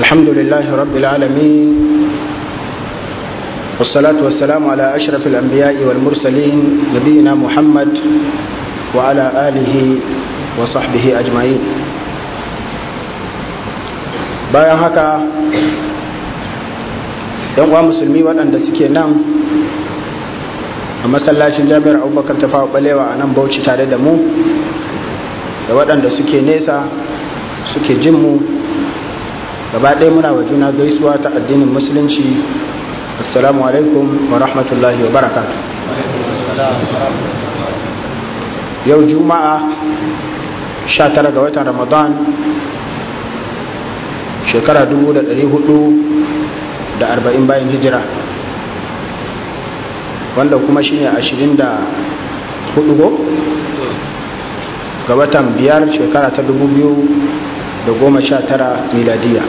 الحمد لله رب العالمين والصلاة والسلام على أشرف الأنبياء والمرسلين نبينا محمد وعلى آله وصحبه أجمعين بايا هكا يوم مسلمي musulmi دسكي نام nan a masallacin jami'ar abubakar ta fawa balewa a nan bauchi tare da mu da waɗanda suke nesa suke jinmu gaba ɗaya muna wa juna gaisuwa ta addinin musulunci assalamu alaikum wa rahmatullahi wa barakatu yau juma'a 19 ga watan ramadan shekara 440 bayan hijira wanda kuma shi shine 24 ga watan biyar shekara ta 2000 da goma sha tara miladiya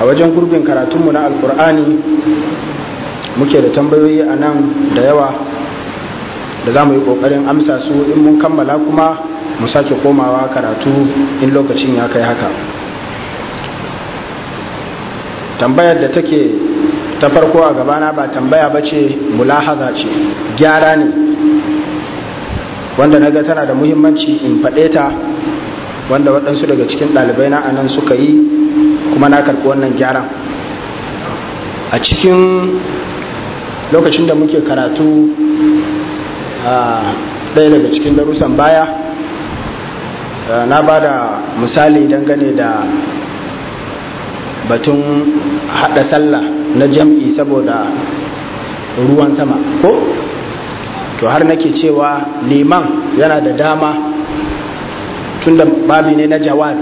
a wajen gurbin karatunmu na alkur'ani muke da tambayoyi a nan da yawa da za mu yi ƙoƙarin amsa su in mun kammala kuma mu sake komawa karatu in lokacin ya kai haka tambayar da take ta farko a gabana ba tambaya ba ce mulahaza ce gyara ne wanda na ga tana da muhimmanci in faɗe ta wanda waɗansu daga cikin ɗalibai na anan suka yi kuma na karɓi wannan gyaran a cikin lokacin da muke karatu a ɗaya daga cikin darussan baya na ba da misali dangane da batun haɗa sallah na jam'i saboda ruwan sama ko to har nake cewa liman yana da dama tunda babi ne na jawaz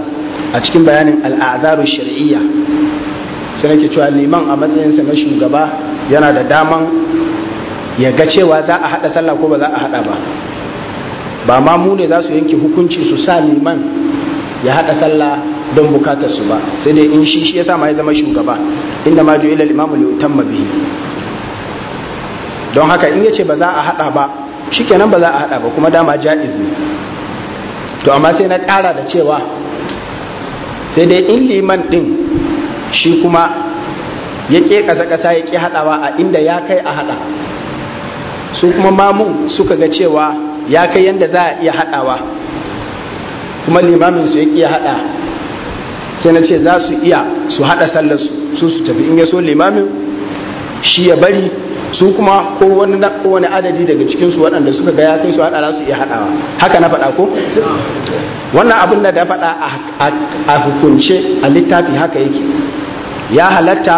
a cikin bayanin al'adaru shari'iyya sai nake cewa liman a matsayinsa na shugaba yana da daman ya ga cewa za a haɗa sallah ko ba za a haɗa ba ba ma mu ne za su yanke hukunci su sa liman ya haɗa sallah don bukatar su ba sai dai in shi shi ya ma ya zama shugaba inda ma ju'ila limamu li utamma bihi don haka in yace ba za a haɗa ba shikenan ba za a haɗa ba kuma dama jaiz ne to amma sai na ƙara da cewa sai dai in liman ɗin shi kuma ya ƙe ƙasa-ƙasa ya ƙi haɗawa a inda ya kai a haɗa su kuma mamun suka ga cewa ya kai yadda za a iya haɗawa kuma limamin su ya ƙi haɗa sai na ce za su iya su haɗa sallar su su tafi in ya so limamin shi ya bari su kuma ko wani wani adadi daga cikin su waɗanda suka ga ya kai su hada za su iya hadawa haka na faɗa ko wannan abin da da faɗa a hukunce a littafi haka yake ya halatta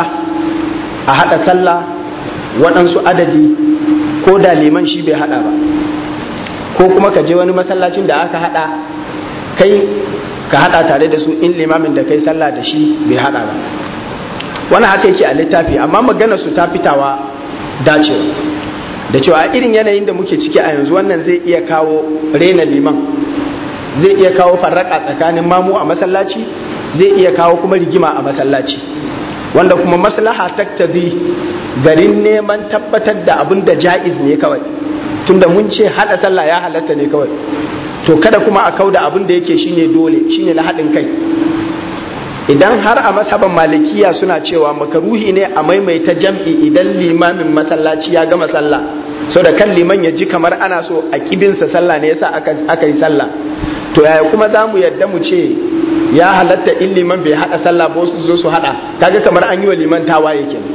a hada sallah waɗansu adadi ko da liman shi bai hada ba ko kuma ka je wani masallacin da aka hada kai ka hada tare da su in limamin da kai sallah da shi bai hada ba wani haka yake a littafi amma magana su ta fitawa dacewa da cewa a irin yanayin da muke ciki a yanzu wannan zai iya kawo rena liman zai iya kawo farraka tsakanin mamu a masallaci zai iya kawo kuma rigima a masallaci wanda kuma maslaha taktazi garin neman tabbatar da abin da ja'iz ne kawai tunda mun ce hada sallah ya halatta ne kawai to kada kuma a kauda abin da yake shine dole shine na haɗin kai idan har a masaban malikiya suna cewa makaruhi ne a maimaita jam'i idan limamin masallaci ya gama sallah sau da kan liman ya ji kamar ana so a kibinsa sallah ne yasa aka yi sallah to yaya kuma za mu yadda mu ce ya halatta in liman bai haɗa sallah ba su zo su haɗa kaga kamar an yi wa liman tawaye kenan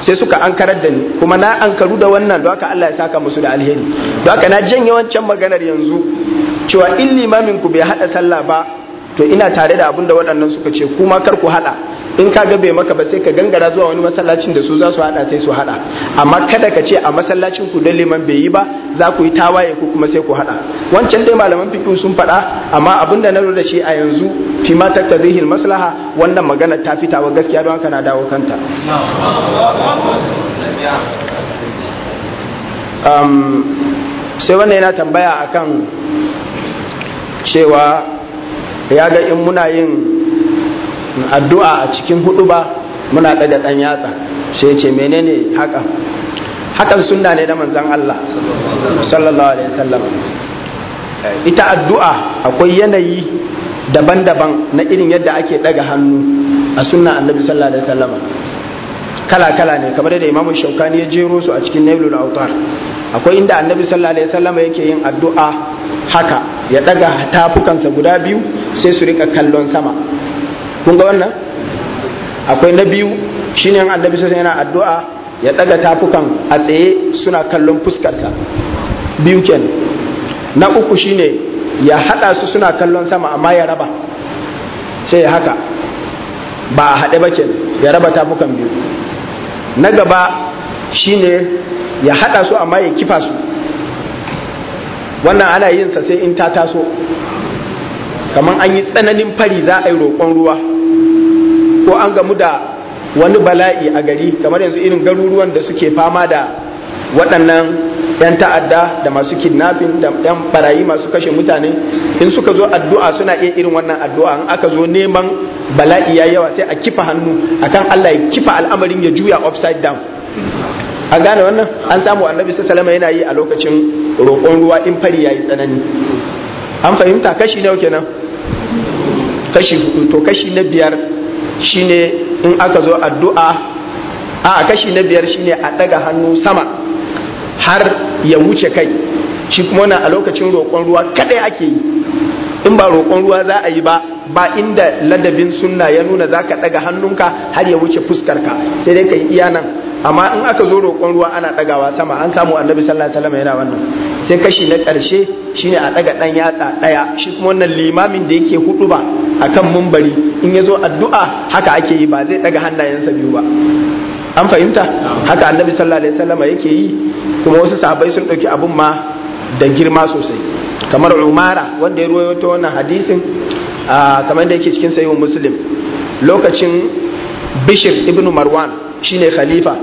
sai suka ankarar da ni kuma na ankaru da wannan don haka Allah ya saka musu da alheri don haka na janye wancan maganar yanzu cewa in limamin ku bai haɗa sallah ba to ina tare da abin da waɗannan suka ce kuma kar ku haɗa in ka ga bai maka ba sai ka gangara zuwa wani masallacin da su za su haɗa sai su haɗa amma kada ka ce a masallacin ku dan liman bai yi ba za ku yi tawaye ko kuma sai ku haɗa wancan dai malaman fiqh sun faɗa amma abin da na lura shi a yanzu fi ma taktazihi maslaha wannan magana ta fita wa gaskiya don haka na dawo kanta sai wannan yana tambaya akan cewa ya ga in muna yin addu'a a cikin hudu ba muna ɗaga ɗan yatsa sai ce menene hakan hakan sunna ne da manzan Allah sallallahu alaihi wasallam ita addu'a akwai yanayi daban-daban na irin yadda ake ɗaga hannu a sunna annabi sallallahu alaihi wasallam kala-kala ne kamar da imamu shaukani ya jero su a cikin nailul autar akwai inda annabi sallallahu alaihi wasallam yake yin addu'a haka ya daga tafukansa guda biyu sai su rika kallon sama kun ga wannan akwai na biyu shine an annabi sai yana addu'a ya daga tafukan a tsaye suna kallon fuskarsa biyu kenan na uku shine ya hada su suna kallon sama amma ya raba sai ya haka ba a haɗe ba kenan ya raba tafukan biyu na gaba shine ya hada su amma ya kifa su wannan ana yin sa sai in ta taso kamar an yi tsananin fari za a yi roƙon ruwa ko an gamu da wani bala'i a gari kamar yanzu irin garuruwan da suke fama da waɗannan 'yan ta'adda da masu kidnapping da 'yan barayi masu kashe mutane in suka zo addu'a suna iya irin wannan addu'a in aka zo neman bala'i ya yawa sai a kifa hannu akan Allah ya kifa al'amarin ya juya upside down an gane wannan an samu annabi sallallahu yana yi a lokacin roƙon ruwa in fari yayi tsanani an fahimta kashi ne kenan kashi to kashi na biyar shine in aka zo addu'a a kashi na biyar shine a daga hannu sama har ya wuce kai shi kuma na a lokacin roƙon ruwa kadai ake yi in ba roƙon ruwa za a yi ba ba inda ladabin sunna ya nuna za ka daga hannunka har ya wuce fuskarka sai dai yi iya nan amma in aka zo roƙon ruwa ana ɗagawa sama an samu annabi sallallahu alaihi wasallam yana wannan sai kashi na ƙarshe shine a ɗaga ɗan yatsa ɗaya, shi kuma wannan limamin da yake hudu ba akan mumbari in ya zo addu'a haka ake yi ba zai ɗaga hannayensa biyu ba an fahimta haka annabi sallallahu alaihi wasallam yake yi kuma wasu sahabbai sun ɗauki abun ma da girma sosai kamar umara wanda ya ta wannan hadisin kamar da yake cikin sayo muslim lokacin bishir ibn marwan shine khalifa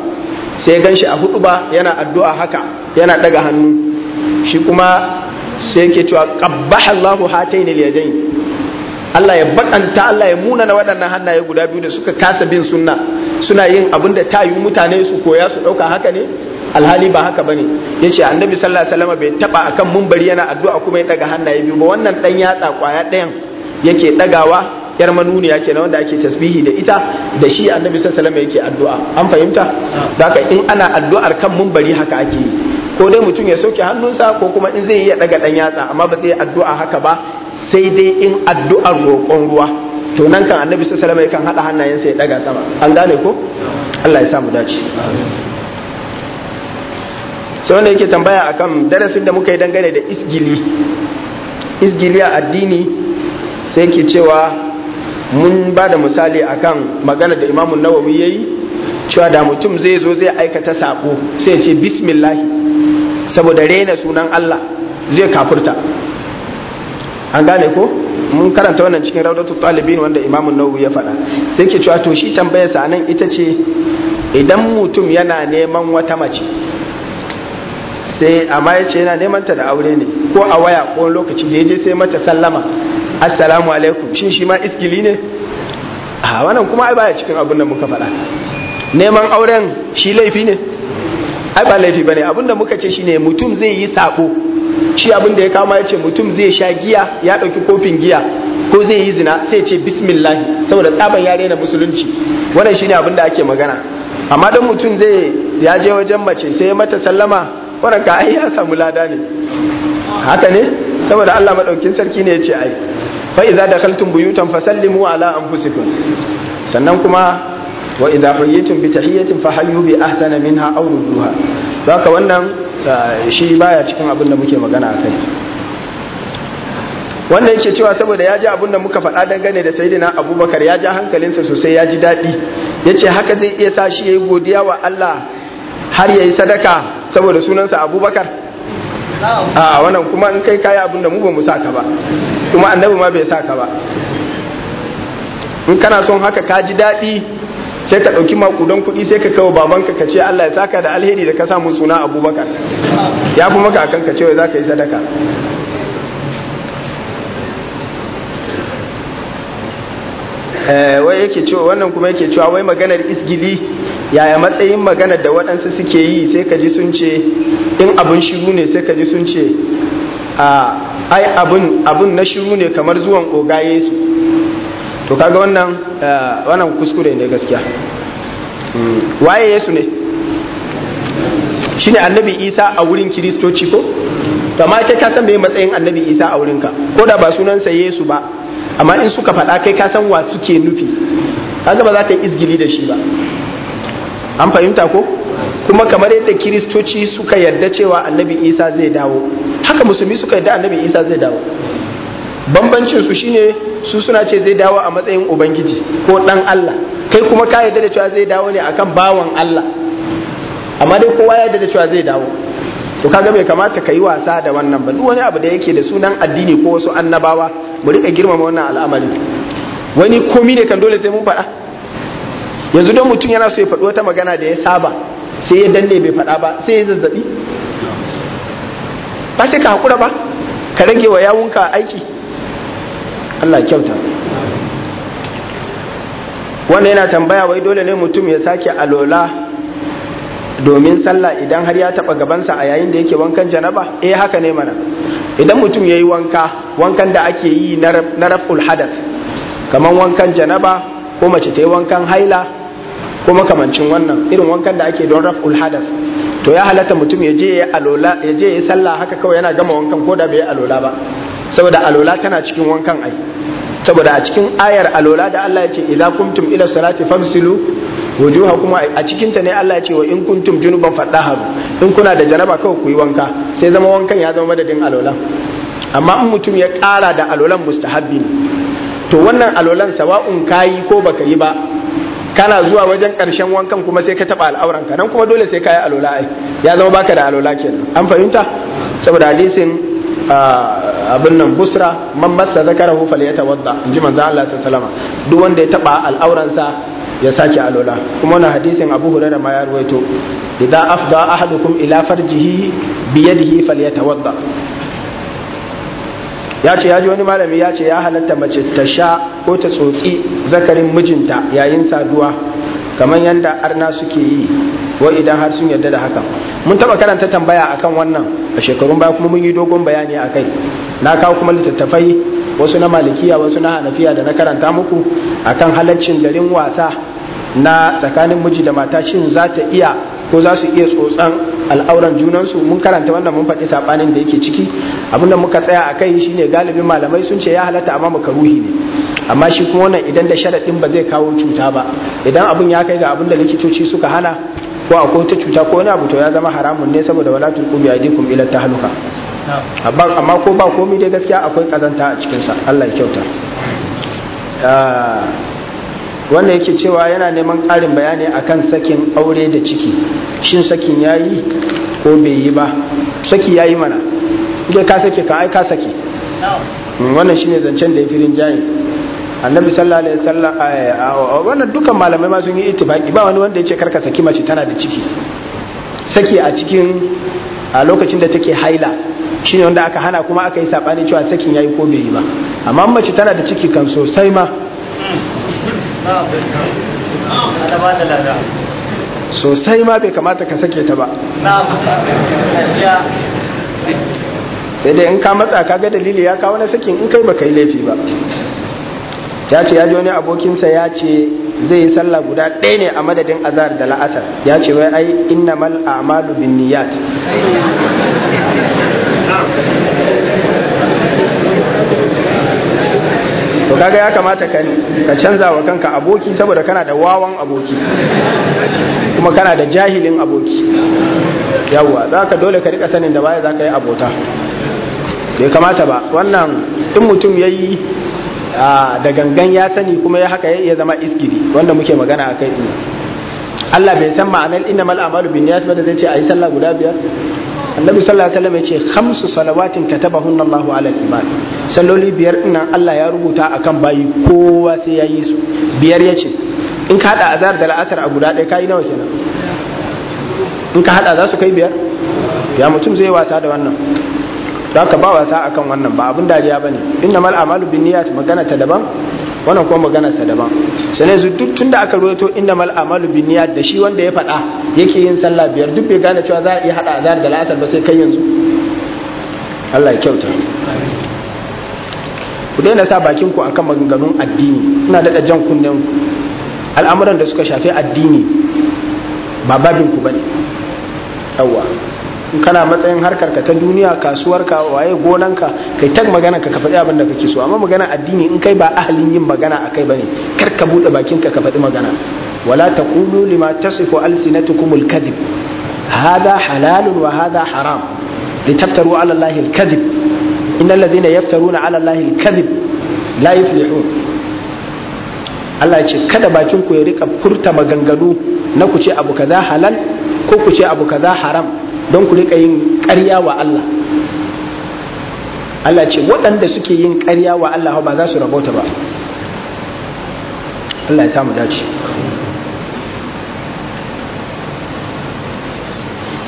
sai gan shi a hudu ba yana addu'a haka yana daga hannu shi kuma sai yake cewa qabbaha Allahu hatayn al-yadayn Allah ya bakanta Allah ya muna na waɗannan hannaye guda biyu da suka kasa bin sunna suna yin abin da ta yi mutane su koya su ɗauka haka ne alhali ba haka bane yace annabi sallallahu alaihi wasallam bai taba akan mumbari yana addu'a kuma ya daga hannaye biyu ba wannan dan yatsa kwaya ɗayan yake dagawa yar manuniya na wanda ake tasbihi da ita da shi annabi sallallahu alaihi wasallam yake addu'a an fahimta haka in ana addu'ar kan mumbari haka ake yi ko dai mutum ya soke hannunsa ko kuma in zai iya daga dan yatsa amma ba zai yi addu'a haka ba sai dai in addu'ar roƙon ruwa to nan kan annabi sallallahu alaihi wasallam yakan hada hannayensa ya daga sama an gane ko Allah ya samu dace sai wanda yake tambaya akan darasin da muka yi dangane da isgili isgili a addini sai ke cewa mun ba da misali akan magana da imamun nawawi ya yi cewa da mutum zai zo zai aikata sako sai ce bismillah saboda rena sunan allah zai kafurta an gane ko mun karanta wannan cikin raudatul talibin wanda imamun nawawi ya faɗa sai ke cewa to shi tambayarsa nan ita ce idan mutum yana neman wata mace sai amma ya ce yana neman ta da aure ne ko a waya ko lokaci da ya je sai mata sallama assalamu alaikum shin shi ma iskili ne a wannan kuma ai baya cikin abin da muka faɗa neman auren shi laifi ne ai ba laifi bane abin da muka ce shine mutum zai yi sako shi abin da ya kama ya ce mutum zai sha giya ya ɗauki kofin giya ko zai yi zina sai ce bismillah saboda tsaban ya rena musulunci wannan shine abin da ake magana amma dan mutum zai ya je wajen mace sai mata sallama waranka ai ya samu lada ne haka ne saboda Allah madaukin sarki ne ya ce ai fa idza dakhaltum buyutan fasallimu ala anfusikum sannan kuma wa idza huyitum bi tahiyatin fahayyu bi ahsana minha aw rudduha haka wannan ah, shi baya cikin abin da muke magana a kai wannan yake cewa saboda ya ji abin da muka faɗa dangane da sayidina abubakar ya ji hankalinsa sosai ya ji daɗi ya ce haka zai iya sa shi ya yi godiya wa allah har ya yi sadaka saboda sunansa abubakar a wannan kuma in kai kayi abinda mu ba mu sa ka ba kuma annabi ma bai sa ka ba in kana son haka ka ji daɗi sai ka ɗauki makudan kuɗi sai ka kawo babanka ka ce Allah ya saka da alheri da ka samu suna abubakar ya fi maka akan ka cewa za ka yi sadaka Eh, wai yake cewa wannan kuma yake cewa wai maganar isgili yaya matsayin maganar da waɗansu suke yi sai ka ji sun ce in abin shiru ne sai ka ji sun ce a ai abin abin na shiru ne kamar zuwan oga yesu to kaga wannan eh, wannan kuskure ne gaskiya hmm, waye yesu ne shine annabi isa a wurin kiristoci ko to ma kai ka san me matsayin annabi isa a wurinka ko da ba sunansa yesu ba amma in suka faɗa kai ka san wa suke nufi kaga ba za ka yi izgili da shi ba an fahimta ko kuma kamar yadda kiristoci suka yarda cewa annabi isa zai dawo haka musulmi suka yarda annabi isa zai dawo bambancin su shine su suna ce zai dawo a matsayin ubangiji ko dan allah kai kuma ka yarda da cewa zai dawo ne akan bawan allah amma dai kowa ya yarda da cewa zai dawo to kaga bai kamata ka wasa da wannan ba duk wani abu da yake da sunan addini ko wasu annabawa mu rika girmama wannan al'amari wani komi ne kan dole sai mun faɗa yanzu don mutum yana so ya faɗi wata magana da ya saba sai ya danne bai faɗa ba sai ya zazzabi ba sai ka haƙura ba ka rage wa yawunka aiki Allah kyauta wannan yana tambaya wai dole ne mutum ya sake alola domin sallah idan har ya taba gabansa a yayin da yake wankan janaba eh haka ne mana idan mutum yayi wanka wankan da ake yi na raf'ul hadath kaman wankan janaba ko mace ta yi wankan haila ko makamancin wannan irin wankan da ake don raf'ul hadath to ya halatta mutum ya je ya alola ya je ya sallah haka kawai yana gama wankan ko da bai yi alola ba saboda alola tana cikin wankan ai saboda a cikin ayar alola da Allah ya ce idza kuntum ila salati fagsilu wujuha kuma a cikin ta ne Allah ya ce wa in kuntum junuban fadahu in kuna da janaba kawai ku yi wanka sai zama wankan ya zama madadin alolan amma in mutum ya ƙara da alolan mustahabbi ne to wannan alolan sawa'un kayi ko baka yi ba kana zuwa wajen karshen wankan kuma sai ka taɓa ka nan kuma dole sai ka yi alola ai ya zama baka da alola kenan an fahimta saboda hadisin abin nan busra man massa zakarahu falyatawadda in manzo Allah sallallahu alaihi wasallam duk wanda ya taba sa ya sake alola kuma wani hadisin abu hurairah ma ya ruwaito idza afda ahadukum ila farjihi bi yadihi falyatawadda ya ce ya ji wani malami ya ce ya halatta mace ta sha ko ta tsotsi zakarin mijinta yayin saduwa kamar yadda arna suke yi wa idan har sun yarda da haka mun taba karanta tambaya akan wannan a shekarun baya kuma mun yi dogon bayani a kai na kawo kuma littattafai wasu na malikiya wasu na hanafiya da na karanta muku akan halaccin garin wasa na tsakanin miji da mata shin za ta iya ko za su iya tsotsan al'auran junansu mun karanta wannan mun faɗi saɓanin da yake ciki abin da muka tsaya a kai shine galibin malamai sun ce ya halatta amma muka ruhi ne amma shi kuma wannan idan da sharaɗin ba zai kawo cuta ba idan abin ya kai ga abin da likitoci suka hana ko akwai wata cuta ko wani abu to ya zama haramun ne saboda wala tulku bi aidikum ila tahluka amma ko ba komai dai gaskiya akwai kazanta a cikin sa Allah ya kyauta ah, wannan yake cewa yana neman ƙarin bayani akan sakin aure da ciki shin sakin ya yi ko bai yi ba saki ya yi mana ke ka sake ka ai ka sake mm, wannan shine zancen da ya fi rinjaye annabi sallallahu alaihi wasallam wannan dukan malamai ma sun yi ittifaki ba wani wanda ya ce karka saki mace tana da ciki saki a cikin a lokacin da take haila shine wanda aka hana kuma aka yi sabani cewa sakin yayi ko bai yi ba amma mace tana da ciki kan sosai ma mm. sosai ma bai kamata ka sake ta ba sai dai in ka matsa ka ga dalili ya kawo na sakin in kai baka yi laifi ba ya ce ya ji abokinsa ya ce zai yi sallah guda ɗaya ne a madadin azar da la'asar ya ce wai ai innamal a'malu bin niyyat to kaga ya kamata ka canza wa kanka aboki saboda kana da wawan aboki kuma kana da jahilin aboki yawwa za ka dole ka rika sanin da baya za ka yi abota bai kamata ba wannan in mutum ya yi da gangan ya sani kuma ya haka ya zama iskiri wanda muke magana a kai Allah bai san ma'anar inna malamalu amalu bin ya ba da zai ce ayi sallah guda biyar annabi sallallahu alaihi wasallam yace khamsu salawatin katabahun Allahu ala ibad salloli biyar ina Allah ya rubuta akan bayi kowa sai yayi su biyar yace in ka hada azhar da la'asar a guda ɗaya kai nawa kenan in ka hada za su kai biyar ya mutum zai wasa da wannan Za ka ba wasa akan wannan ba abin dariya bane innamal a'malu binniyat magana ta daban wannan kuma magana sa daban sai ne duk tunda aka ruwaito inda mal amalu bin niyyat da shi wanda ya faɗa yake yin sallah biyar duk bai gane cewa za a iya hada azhar da la'asar ba sai kai yanzu Allah ya kyauta ku daina sa bakin ku akan maganganun addini ina daɗa jan kunnen ku al'amuran da suka shafi addini ba babin ku bane yawwa kana matsayin harkar ka ta duniya kasuwar ka waye gonan ka kai tag magana ka faɗi abin da kake so amma magana addini in kai ba ahalin yin magana akai bane kar ka bude bakin ka ka faɗi magana wala taqulu lima tasifu alsinatukum alkadhib hada halalun wa hada haram litaftaru ala allahi alkadhib innal ladhina yaftaruna ala allahi alkadhib la yuflihun Allah ce kada bakin ku ya rika furta maganganu na ku ce abu kaza halal ko ku ce abu kaza haram don ku rika yin ƙarya wa Allah Allah ce waɗanda suke yin ƙarya wa Allah ba za su rabota ba Allah ya samu dace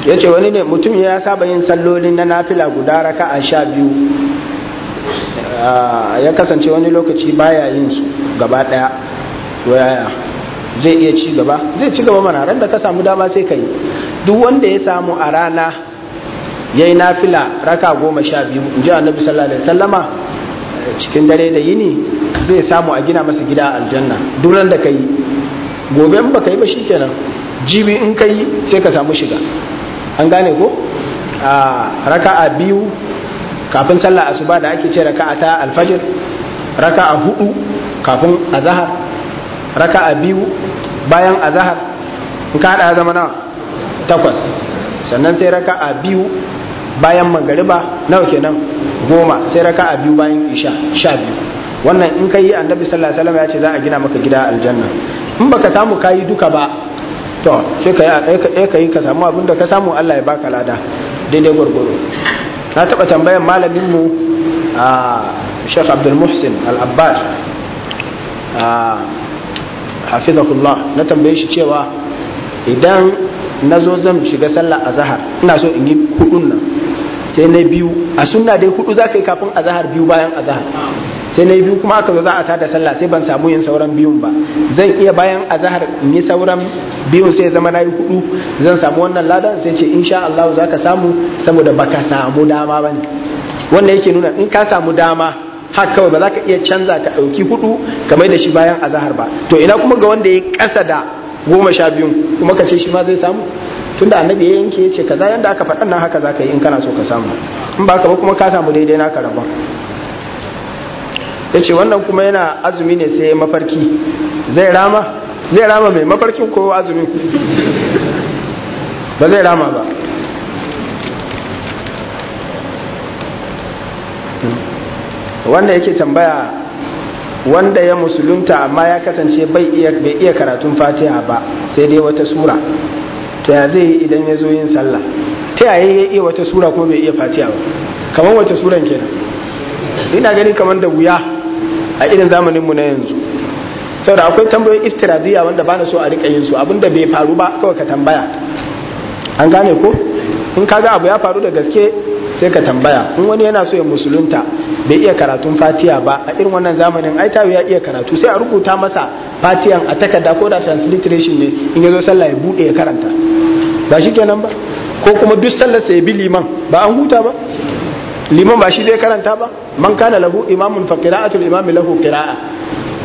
ya ce wani ne mutum ya saba yin salloli na nafila guda raka a sha biyu ya kasance wani lokaci baya yin su gaba ɗaya zai iya ci gaba zai ci gaba mana ran da ka samu dama sai ka yi duk wanda ya samu a rana ya yi nafila raka goma sha biyu in ji annabi sallallahu alaihi sallama cikin dare da yini zai samu a gina masa gida a aljanna duk ran da ka yi gobe in baka yi ba shikenan jibi in ka yi sai ka samu shiga an gane ko a raka'a biyu kafin sallah asuba da ake ce raka'a ta alfajir raka'a hudu kafin zahar. raka a biyu bayan azahar in ka haɗa zama nawa takwas sannan sai raka a biyu bayan magariba nawa kenan goma sai raka a biyu bayan isha sha biyu wannan in ka yi annabi sallallahu alaihi ya ce za a gina maka gida aljanna in baka samu kayi duka ba to sai ka yi ka samu abinda ka samu Allah ya baka lada daidai gwargwaro na taɓa tambayan malamin mu a ah, Sheikh Abdul Al-Abbas ah, hafizahullah na tambaye shi cewa idan na zo zan shiga sallah a zahar ina so in yi hudun nan sai na biyu a sunna dai hudu za ka yi kafin a zahar biyu bayan a zahar sai na biyu kuma aka zo za a tada sallah sai ban samu yin sauran biyun ba zan iya bayan a zahar in yi sauran biyun sai zama na yi hudu zan samu wannan ladan sai ce insha Allah za ka samu saboda baka samu dama ba ne wannan yake nuna in ka samu dama haka kawai ba za ka iya canza ka ɗauki hudu kamar da shi bayan azahar ba to ina kuma ga wanda ya ƙasa da goma sha biyun kuma ka ce shi ma zai samu tunda annabi ya yanke ya ce kaza yanda aka faɗan nan haka za ka yi in kana so ka samu in ba ka ba kuma ka samu daidai naka rabon ya ce wannan kuma yana azumi ne sai mafarki zai rama zai rama mai mafarkin ko azumi? ba zai rama ba wanda yake tambaya wanda ya musulunta amma ya kasance bai iya karatun fatiha ba sai dai wata sura ta ya zai idan ya zo yin sallah ta yaya ya iya wata sura ko bai iya fatiha ba kamar wata suran kenan ina gani kamar da wuya a irin zamaninmu na yanzu Sau da akwai tambayoyin iftiradiya wanda ba na so a rika yin su abinda bai faru ba kawai ka tambaya an gane ko in kaga abu ya faru da gaske sai ka tambaya in wani yana so ya musulunta bai iya karatun fatiya ba a irin wannan zamanin ai tawo ya iya karatu sai a rubuta masa fatiyan a takarda ko da transliteration ne in ya zo sallah ya bude ya karanta ba shi kenan ba ko kuma duk sallar sa ya bi liman ba an huta ba liman ba shi zai karanta ba man kana lahu imamun fa qira'atul imami lahu qira'a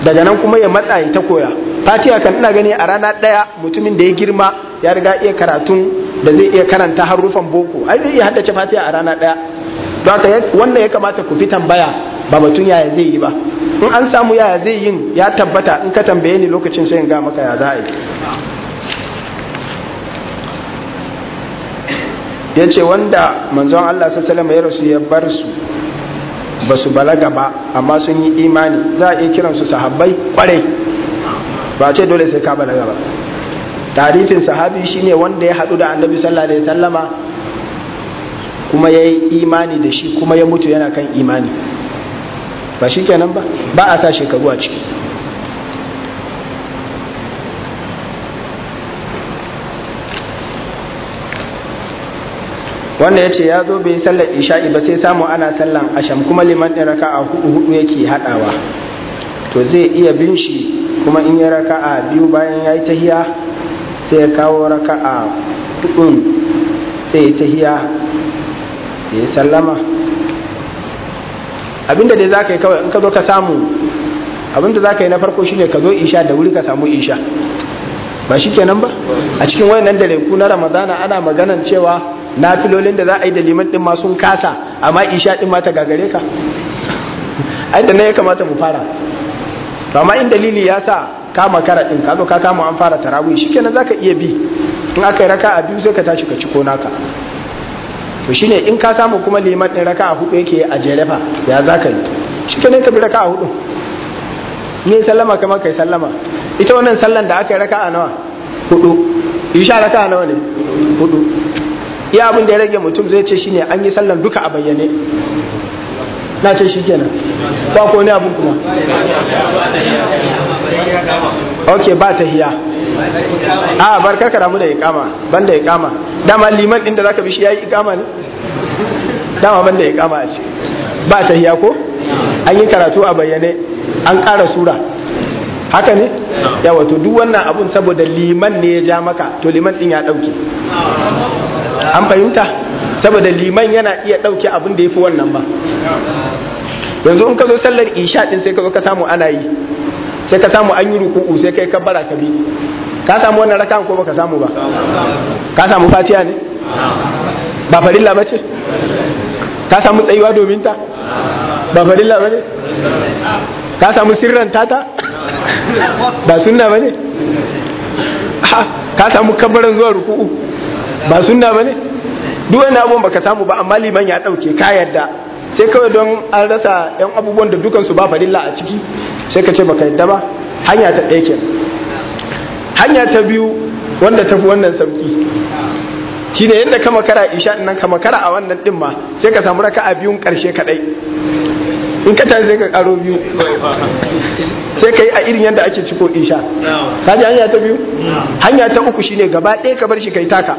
daga nan kuma ya matsa ya ta koya fatiya kan ina gani a rana daya mutumin da ya girma ya riga iya karatun da zai iya karanta rufan boko ai zai iya haddace fatiha a rana daya don haka wannan ya kamata ku fi tambaya ba batun yaya zai yi ba in an samu yaya zai yin ya tabbata in ka tambaye ni lokacin sai in ga maka ya za a ya ce wanda manzon Allah sassalama ya rasu ya bar su ba su balaga ba amma sun yi imani za a iya kiransu sahabbai kwarai ba ce dole sai ka balaga ba tarifin sahabi shine wanda ya haɗu da annabi sallallahu alaihi sallama kuma ya yi imani da shi kuma ya mutu yana kan imani ba shi kenan ba ba a sa shekaru a ciki wanda ya ce ya zo bai sallar isha'i ba sai samu ana sallan asham kuma liman ɗin raka a hudu hudu yake haɗawa to zai iya bin shi kuma in ya raka a biyu bayan ya yi tahiya sai ya kawo raka a hudun sai ya tahiya da ya sallama abinda dai za ka yi kawai in ka zo ka samu abinda za ka yi na farko shi ne ka zo isha da wuri ka samu isha ba shi kenan ba a cikin nan da ku na ramadana ana maganan cewa na filolin da za a yi da liman din ma sun kasa amma isha din ma ta gagare ka ai da na ya kamata mu fara to amma in dalili ya sa kama kara din ka zo ka kama an fara tarawih shikenan zaka iya bi in aka yi raka'a biyu sai ka tashi ka ciko naka to shine in ka samu kuma liman din raka'a hudu yake a jerefa ya zaka yi shikenan ka bi raka'a hudu ne sallama kamar kai sallama ita wannan sallan da aka yi raka'a nawa hudu raka raka'a nawa ne hudu iya abin da ya rage mutum zai ce shine an yi sallan duka a bayyane na ce shikenan ba ko ne abin kuma ok ba ta hiya a bar karka damu da ikama ban da ikama dama liman din da zaka bi shi yayi ikama ne dama ban da ikama a ce ba ta hiya ko an yi karatu a bayyane an ƙara sura haka ne ya wato duk wannan abun saboda liman ne ya ja maka to liman din ya dauke an fahimta saboda liman yana iya dauke abin da ya fi wannan ba yanzu in ka zo sallar isha din sai ka zo ka samu ana yi sai ka samu an yi ruku'u sai kai kabbara ka bi ka samu wannan rakan ko baka samu ba ka samu fatiha ne ba farilla bace ka samu tsayuwa domin ta ba farilla bace ka samu sirran tata ba sunna bane ka samu kabbaran zuwa ruku'u ba sunna bane duk wani abubuwan baka samu ba amma liman ya dauke ka yadda sai kawai don an rasa yan abubuwan da dukansu ba farilla a ciki sai ka ce baka yadda ba hanya ta ɗaya hanya ta biyu wanda tafi wannan sauki shine yadda ka makara isha nan ka makara a wannan ɗin ma sai ka samu raka a biyun ƙarshe kaɗai, in ka tashi sai ka ƙaro biyu sai ka yi a irin yadda ake ciko isha ka ji hanya ta biyu hanya ta uku shine gaba ɗaya ka bar shi kai taka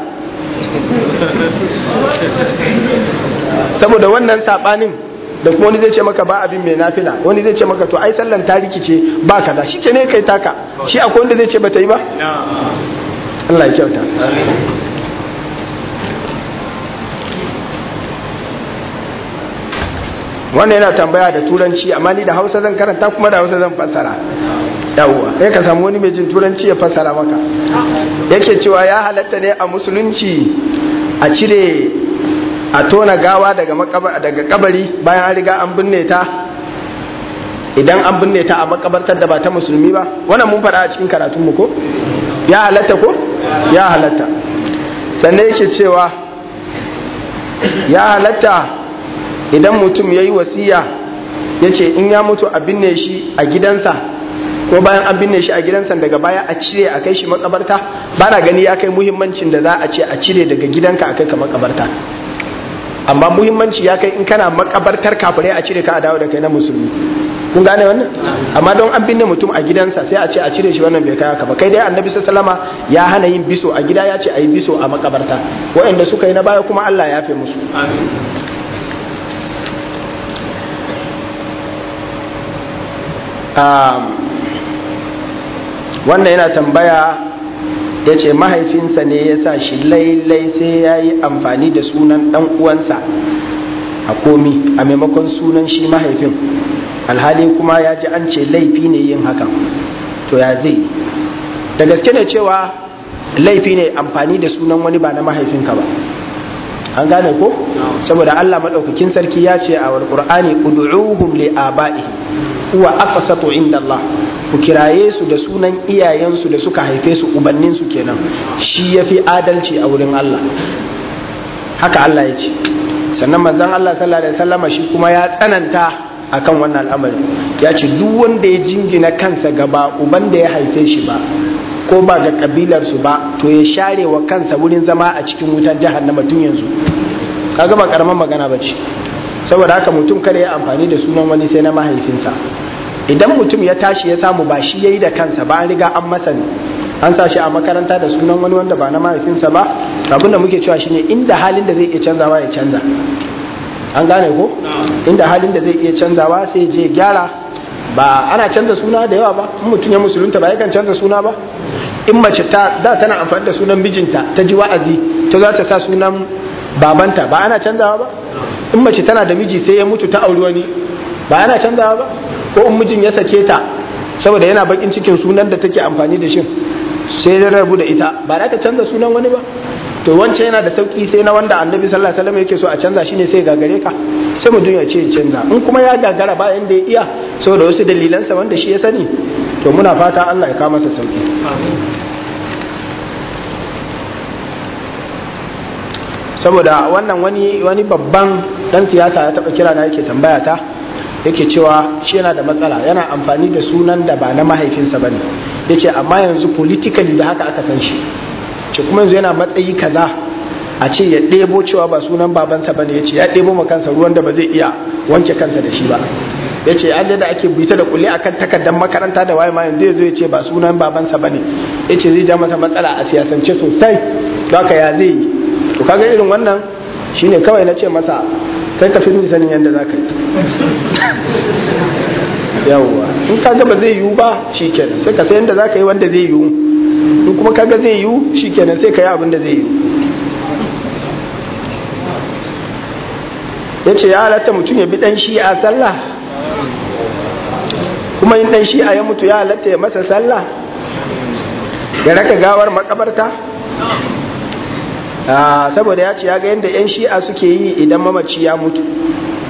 saboda wannan sabanin da kuma wani zai ce maka ba abin mai nafila wani zai ce maka to ai sallan ta rikice ba ka da, shi ne kai taka shi akwai wanda zai ce bata yi ba Allah ya kyauta wannan yana tambaya da turanci amma ni da hausa zan karanta kuma da hausa zan fassara yawwa sai ka samu wani mai jin turanci ya fassara maka yake cewa ya halatta ne a musulunci a cire a tona gawa daga kabari bayan an riga an binne ta idan an binne ta a makabartar da ba ta musulmi ba wannan mun faɗa a cikin karatunmu ko ya halatta ko ya halatta sannan yake cewa ya halatta idan mutum ya yi wasiya ya ce in ya mutu a binne shi a gidansa ko bayan an binne shi a gidansa daga baya a cire a kai shi makabarta ba na gani ya kai muhimmancin da za a ce a cire daga gidanka a kai ka makabarta amma muhimmanci ya kai in kana makabartar kafare a cire ka a dawo da kai na musulmi kun gane wannan amma don an binne mutum a gidansa sai a ce a cire shi wannan bai kai haka ba kai dai annabi sallama ya hana yin biso a gida ya ce a yi biso a makabarta waɗanda suka yi na baya kuma Allah ya fi musu wannan yana tambaya ya ce mahaifinsa ne ya sa shi lailai sai ya yi amfani da sunan ɗan uwansa a komi a maimakon sunan shi mahaifin alhali kuma ya ji an ce laifi ne yin hakan to ya zai da gaske ne cewa laifi ne amfani da sunan wani ba na mahaifinka ba an gane ko saboda Allah madaukakin sarki ya ce a alqur'ani ud'uuhum li aba'ihi huwa aqsatu inda Allah ku kiraye su da sunan iyayensu da suka haife su ubannin su kenan shi yafi adalci a wurin Allah haka Allah ya ce sannan manzon Allah sallallahu alaihi wasallama shi kuma ya tsananta akan wannan al'amari ya ce duk wanda ya jingina kansa gaba uban da ya haife shi ba ko ba ga kabilarsu ba to ya share wa kansa wurin zama a cikin wutar jahannama tun yanzu kaga ba karaman magana ba ce saboda haka mutum kada ya amfani da sunan wani sai na mahaifinsa idan mutum ya tashi ya samu ba shi yayi da kansa ba an riga an masa ne an sa shi a makaranta da sunan wani wanda ba na mahaifinsa ba abinda muke cewa shine inda halin da zai iya canzawa ya canza an gane ko inda halin da zai iya canzawa sai je gyara ba ana canza suna da yawa ba in mutum ya musulunta ba yakan canza suna ba in mace ta da tana amfani da sunan mijinta ta ji wa'azi ta za ta sa sunan babanta ba ana canzawa ba in mace tana da miji sai ya mutu ta auri wani ba ana canzawa ba ko in mijin ya sake ta saboda yana bakin cikin sunan da take amfani da shi sai ya rabu da ita ba za ta canza sunan wani ba to wancan yana da sauki sai na wanda annabi sallallahu alaihi wasallam yake so a canza shine sai gagare ka sai mutum ya ce canza in kuma ya gagara ba yanda ya iya saboda wasu dalilansa wanda shi ya sani to muna fata Allah ya kama masa sauki saboda wannan wani wani babban dan siyasa ya taba kira na yake tambaya ta yake cewa shi yana da matsala yana amfani da sunan da ba na mahaifinsa bane yake amma yanzu politically da haka aka san shi ce kuma yanzu yana matsayi kaza a ce ya ɗebo cewa ba sunan babansa bane yace ya ɗebo ma kansa ruwan da ba zai iya wanke kansa da shi ba ya ce an da ake bita da kulle akan takardar makaranta da waye ma yanzu ya zo ya ce ba sunan babansa bane ya ce zai ja masa matsala a siyasance sosai haka ya zai yi to kaga irin wannan shine kawai na ce masa kai ka fi sanin yadda za ka yi yawwa in kaga ba zai yiwu ba shikenan sai ka san yadda za ka yi wanda zai yiwu in kuma kaga zai yiwu shikenan sai ka yi abin da zai yiwu ya ce ya halatta mutum ya bi dan shi a sallah kuma in dan shi'a ya mutu ya halatta ya masa sallah ya raka gawar makabarta ah, saboda ya ce ya ga yadda 'yan shi'a suke yi idan mamaci ya mutu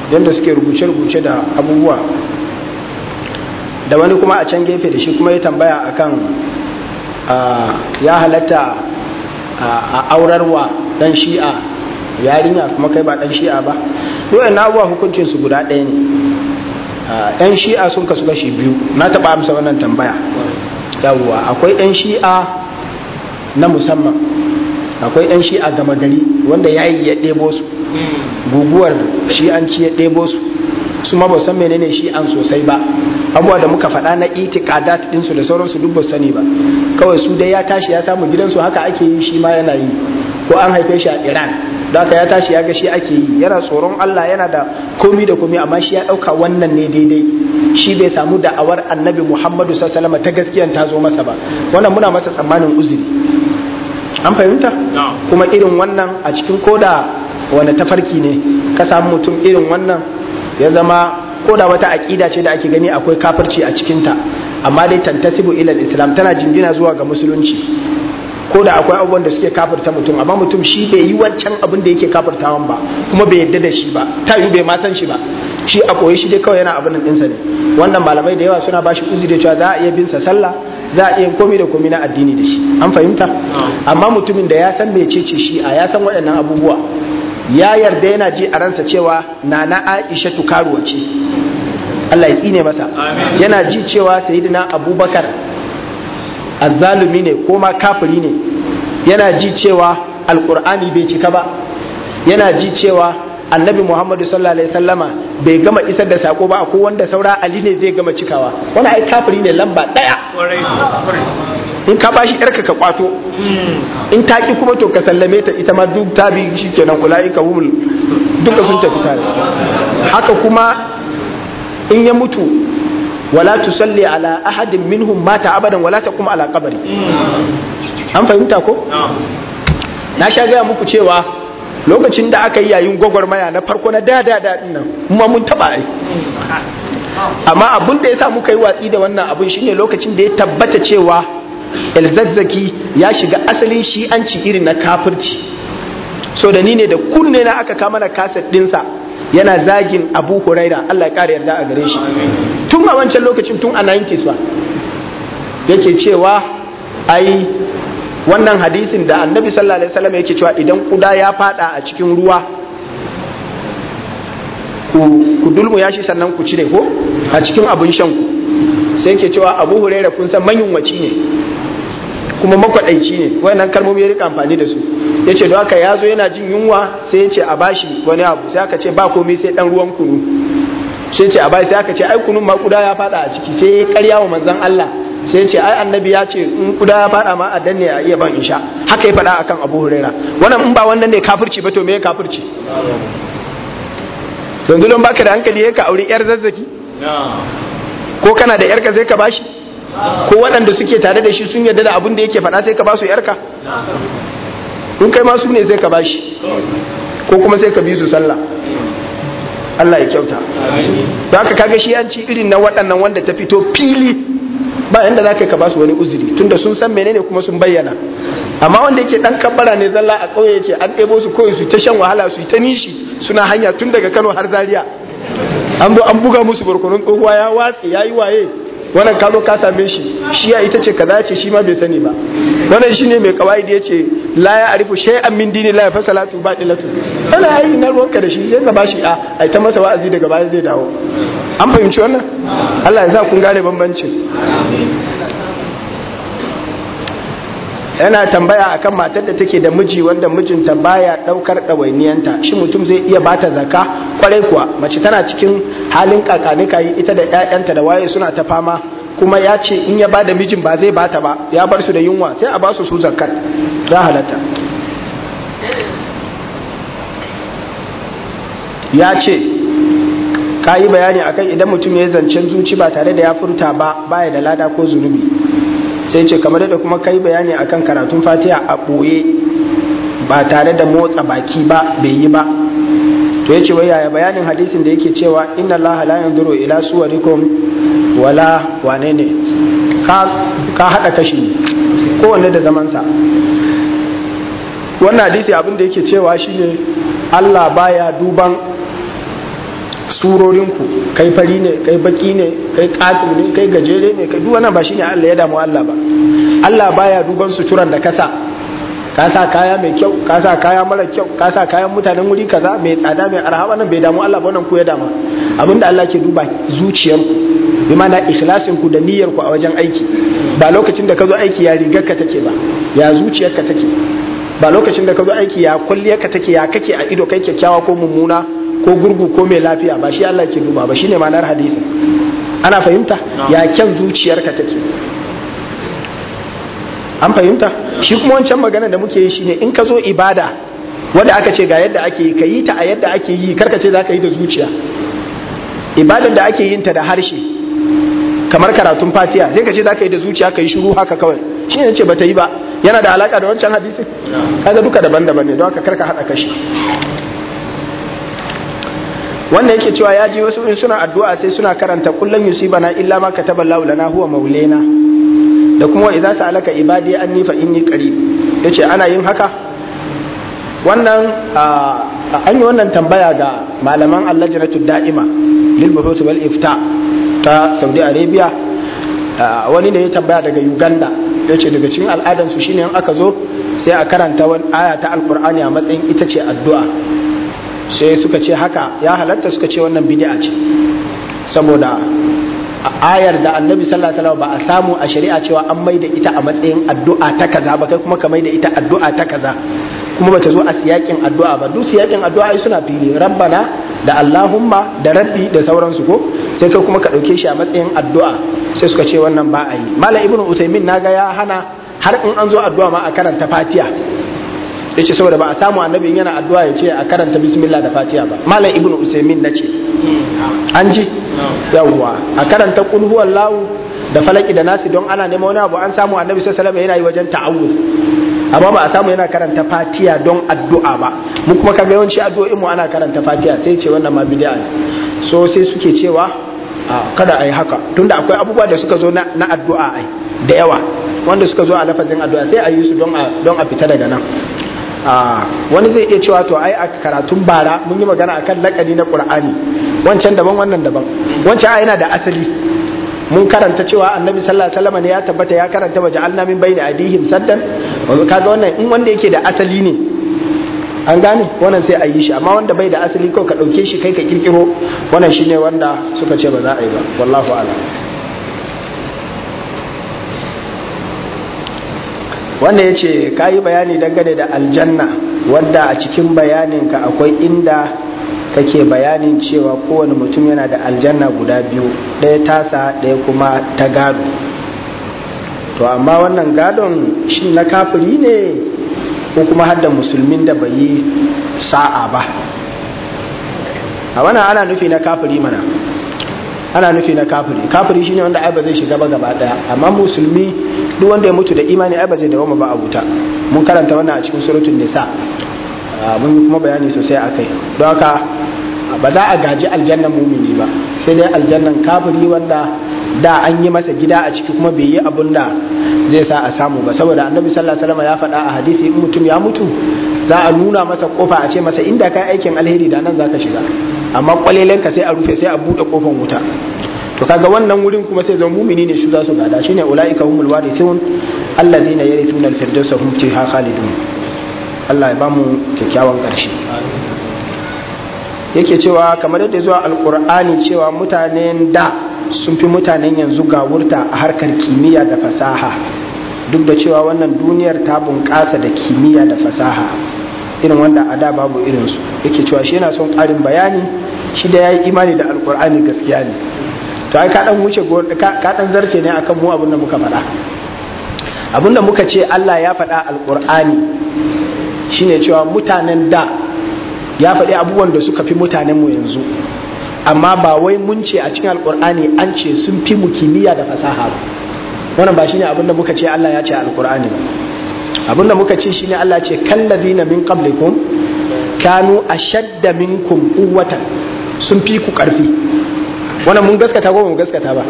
yadda suke rubuce-rubuce da abubuwa da wani kuma a can gefe da shi kuma ya tambaya akan ah, ya halatta ah, a aurarwa dan shi'a yarinya kuma kai ba dan shi'a ba yau yana abuwa hukuncinsu guda ɗaya ne Ah, yan shi'a sun kasu kashi biyu na taɓa amsa wannan tambaya yawwa akwai yan shi'a na musamman akwai yan shi'a gama gari wanda ya yi ya ɗebo su guguwar shi'anci ya ɗebo su su ma ba san menene shi'an sosai ba abuwa da muka faɗa na itikadat ɗinsu da sauransu duk ba sani ba kawai su dai ya tashi ya samu gidansu haka ake yi shi ma yana yi ko an haife shi a iran daka ya tashi ya ga shi ake yi yana tsoron Allah yana da komi da komi amma shi ya ɗauka wannan ne daidai shi bai samu da'awar annabi Muhammadu sallallahu ta gaskiyan ta zo masa ba wannan muna masa tsammanin uzuri an fahimta kuma irin wannan a cikin koda wani tafarki ne ka samu mutum irin wannan ya zama koda wata aƙida ce da ake gani akwai kafirci a cikinta amma dai tantasibu ilal islam tana jingina zuwa ga musulunci ko da akwai abubuwan da suke kafirta mutum amma mutum shi bai yi wancan abin da yake kafirtawan ba kuma bai yadda da shi ba ta yi bai ma san shi ba shi a koyi shi dai kawai yana abin nan ɗinsa ne wannan malamai da yawa suna ba shi uzuri cewa za a iya bin sa sallah za a iya komai da komai na addini da shi an fahimta amma mutumin da ya san mecece shi a ya san waɗannan abubuwa ya yarda yana ji a ransa cewa nana Aisha tukaruwa ce Allah ya tsine masa yana ji cewa sayyidina Abubakar azzalumi ne ko ma kafiri ne yana ji cewa alkur'ani bai cika ba yana ji cewa annabi muhammadu sallallahu alaihi sallama bai gama isar da sako ba ko wanda saura ali ne zai gama cikawa wani ai kafiri ne lamba daya in ka bashi yarka ka kwato in ta ki kuma to ka sallame ta ita ma duk ta bi shi shikenan ka wul duka sun tafi tare haka kuma in ya mutu wala Salli ala ahadin minhum mata abadan wala kuma ala qabri an fahimta ko na sha gaya muku cewa lokacin da aka yi yayin gwagwarmaya na farko na dada daɗin nan kuma mun taba ai amma abin da ya sa muka yi watsi da wannan abin shine lokacin da ya tabbata cewa elzazzaki ya shiga asalin shi'anci irin na kafirci so da ni ne da kunne na aka kama na kaset ɗinsa yana zagin abu huraira Allah ya kare yarda a gare shi tun a wancan lokacin tun a 90s ba yake cewa ai wannan hadisin da annabi sallallahu alaihi wasallam yake cewa idan kuda ya fada a cikin ruwa ku dulmu ya shi sannan ku cire ko a cikin abun shan ku sai yake cewa abu huraira kun san manyan waci ne kuma makwaɗaici ne wayannan kalmomi ya rika amfani da su yace don haka yazo yana jin yunwa sai yace a bashi wani abu sai aka ce ba komai sai dan ruwan kunu sai yace a bashi sai aka ce ai kunun ma kuda ya fada a ciki sai ya karya wa manzon Allah sai yace ai annabi ya ce in kuda ya fada ma a danne a iya ban insha haka ya fada akan Abu Huraira wannan in ba wannan ne kafirci ba to me kafirci yanzu don baka da hankali ka auri yar zazzaki ko kana da ka zai ka bashi ko waɗanda suke tare da shi sun yarda da abin da yake faɗa sai ka ba su yarka in kai ma su ne sai ka ba shi ko kuma sai ka bi su sallah Allah ya kyauta da ka kaga shi yanci irin na waɗannan wanda ta fito fili ba yanda za ka ba su wani uzuri tunda sun san menene kuma sun bayyana amma wanda yake ɗan kabbara ne zalla a ƙauye yake an ɗebo su kawai su ta shan wahala su ta nishi suna hanya tun daga Kano har Zariya, an an buga musu barkonon tsohuwa ya watse ya yi waye wannan kalo ka same shi shi ya ita ce kaza ce shi ma bai sani ba wannan shine mai kawai da yace la ya arifu shay'an min dini la fa salatu dilatu ana yi na ruwanka da shi sai ka bashi a ah, ai ta masa wa'azi daga baya zai dawo an fahimci wannan Allah ya sa kun gane bambancin yana tambaya akan matar da take da miji wanda mijinta baya daukar ɗawainiyanta shi mutum zai iya bata zakka kwarai kuwa mace tana cikin halin kakanika yi ita da ƴaƴanta da waye suna ta fama kuma ya ce in ya bada mijin ba zai bata ba ya bar su da yunwa sai a basu su su za ya halatta ya ce ka yi bayani akan idan mutum ya zancen zuci ba tare da ya furta ba baya da lada ko zunubi sai ce kamar da kuma kai bayani akan karatun fatiha a ɓoye ba tare da motsa baki ba bai yi ba to yace wai yaya bayanin hadisin da yake cewa inna allaha la yanzuru ila suwarikum wala wane ne ka ka hada kashi kowanne da zaman sa wannan hadisi abin da yake cewa shine Allah baya duban surorinku kai fari ne kai baki ne kai katu ne kai gajere ne kai duk wannan ba shine Allah ya damu Allah ba Allah baya duban suturan da kasa ka kaya mai kyau ka sa kaya mara kyau ka sa kayan mutanen wuri kaza mai tsada mai arha wannan bai damu Allah ba wannan ku ya dama abinda Allah ke duba zuciyarku bi mana ikhlasin ku da niyyar a wajen aiki ba lokacin da ka zo aiki ya rigar ka take ba ya zuciyar ka take ba lokacin da ka zo aiki ya kulliyar ka take ya kake a ido kai kyakkyawa ko mummuna ko gurgu ko mai lafiya ba shi Allah ke duba ba shine ma'anar hadisi. ana fahimta ya kyan zuciyarka take an fahimta shi kuma wancan magana da muke yi shine in ka zo ibada wanda aka ce ga yadda ake yi ka yi ta a yadda ake yi karka ce za ka yi da zuciya ibadar da ake yin ta da harshe kamar karatun fatiya sai ka ce za ka yi da zuciya ka yi shiru haka kawai shi ne ce bata yi ba yana da alaka da wancan hadisin kaga duka daban-daban ne don haka karka haɗa kashi wanda yake cewa ya ji wasu in suna addu'a sai suna karanta kullun yusibana illa ma kataba Allahu lana huwa maulena da kuma idza sa'alaka ibadi anni fa inni qarib yace ana yin haka wannan an yi wannan tambaya ga malaman allajnatu da'ima lil buhuth wal ifta ta Saudi Arabia wani ne ya tambaya daga Uganda yace daga cikin al'adansu shine in aka zo sai a karanta wani aya ta alqur'ani a matsayin ita ce addu'a sai suka ce haka ya halatta suka ce wannan bid'a ce saboda ayar da annabi sallallahu alaihi wasallam ba a samu a shari'a cewa an maida ita a matsayin addu'a ta kaza ba kai kuma ka maida ita addu'a ta kaza kuma bata zo a siyakin addu'a ba duk siyakin addu'a ai suna fili rabbana da allahumma da rabbi da sauransu ko sai kai kuma ka dauke shi a matsayin addu'a sai suka ce wannan ba a yi malam ibnu usaimin naga ya hana har in an zo addu'a ma a karanta fatiha yace saboda ba a samu annabi yana addu'a ya ce a karanta bismillah da fatiha ba malam ibnu usaimin nace an ji yawwa a karanta qul huwallahu da falaki da nasi don ana neman wani abu an samu annabi sallallahu alaihi wasallam yana yi wajen ta'awuz amma ba a samu yana karanta fatiha don addu'a ba mu kuma kaga yawanci addu'o'in mu ana karanta fatiha sai ce wannan ma bid'a ne so sai suke cewa kada yi haka tunda akwai abubuwa da suka zo na addu'a ai da yawa wanda suka zo a lafazin addu'a sai a yi su don a fita daga nan Ah, wani zai iya cewa to ai a karatun bara mun yi magana akan lakani na qur'ani wancan daban wannan daban wancan ai yana da asali mun karanta cewa annabi sallallahu alaihi wasallam ne ya tabbata ya karanta ja'alna min baini adihim saddan kaga wannan in wanda yake da asali ne an gane wannan sai a yi shi amma wanda bai da asali ko ka dauke shi kai ka kirkiro wannan shine wanda suka ce ba za a yi ba wallahu a'lam wanda ya ce ka yi bayani dangane da aljanna wadda a cikin bayaninka akwai inda kake bayanin cewa kowane mutum yana da aljanna guda biyu ɗaya tasa ɗaya kuma ta gado to amma wannan gadon shi na kafiri ne ko kuma hadda musulmin da bai yi sa'a ba a wannan ana nufi na kafiri mana ana nufi na kafiri kafiri shine wanda ai ba zai shiga ba gaba daya amma musulmi duk wanda ya mutu da imani ai ba zai dawo ba a wuta mun karanta wannan a cikin suratul nisa ah, mun kuma bayani sosai akai don haka ba za a gaji aljannan mumini ba sai dai aljannan kafiri wanda da an yi masa gida a ciki kuma bai yi abun da zai sa a samu ba saboda annabi sallallahu alaihi ya faɗa a hadisi in mutum ya mutu za a nuna masa kofa a ce masa inda kai aikin alheri da nan zaka shiga amma kwalelenka sai a rufe sai a buɗe kofar wuta to kaga wannan wurin kuma sai zan mumini ne su za su gada shine ulaika humul warithun alladhina yarithuna al-firdausa hum fiha khalidun Allah ya bamu kyakkyawan karshe yake cewa kamar yadda zuwa alkur'ani cewa mutanen da sun fi mutanen yanzu ga wurta a harkar kimiyya da fasaha duk da cewa wannan duniyar ta bunƙasa da kimiyya da fasaha irin wanda a da babu irinsu yake cewa shi yana son ƙarin bayani shi da ya yi imani da alƙur'ani gaskiya ne to ai kaɗan wuce kaɗan zarce ne akan mu abinda da muka faɗa abinda muka ce Allah ya faɗa alƙur'ani shine cewa mutanen da ya faɗi abubuwan da suka fi mutanen mu yanzu amma ba wai mun ce a cikin alƙur'ani an ce sun fi mu kimiyya da fasaha ba wannan ba shine ne da muka ce Allah ya ce alƙur'ani ba abinda muka ce ne Allah ce kallazina min qablikum kanu ashadda minkum quwwatan sun fi ku karfi wannan mun gaskata ko mun gaskata ba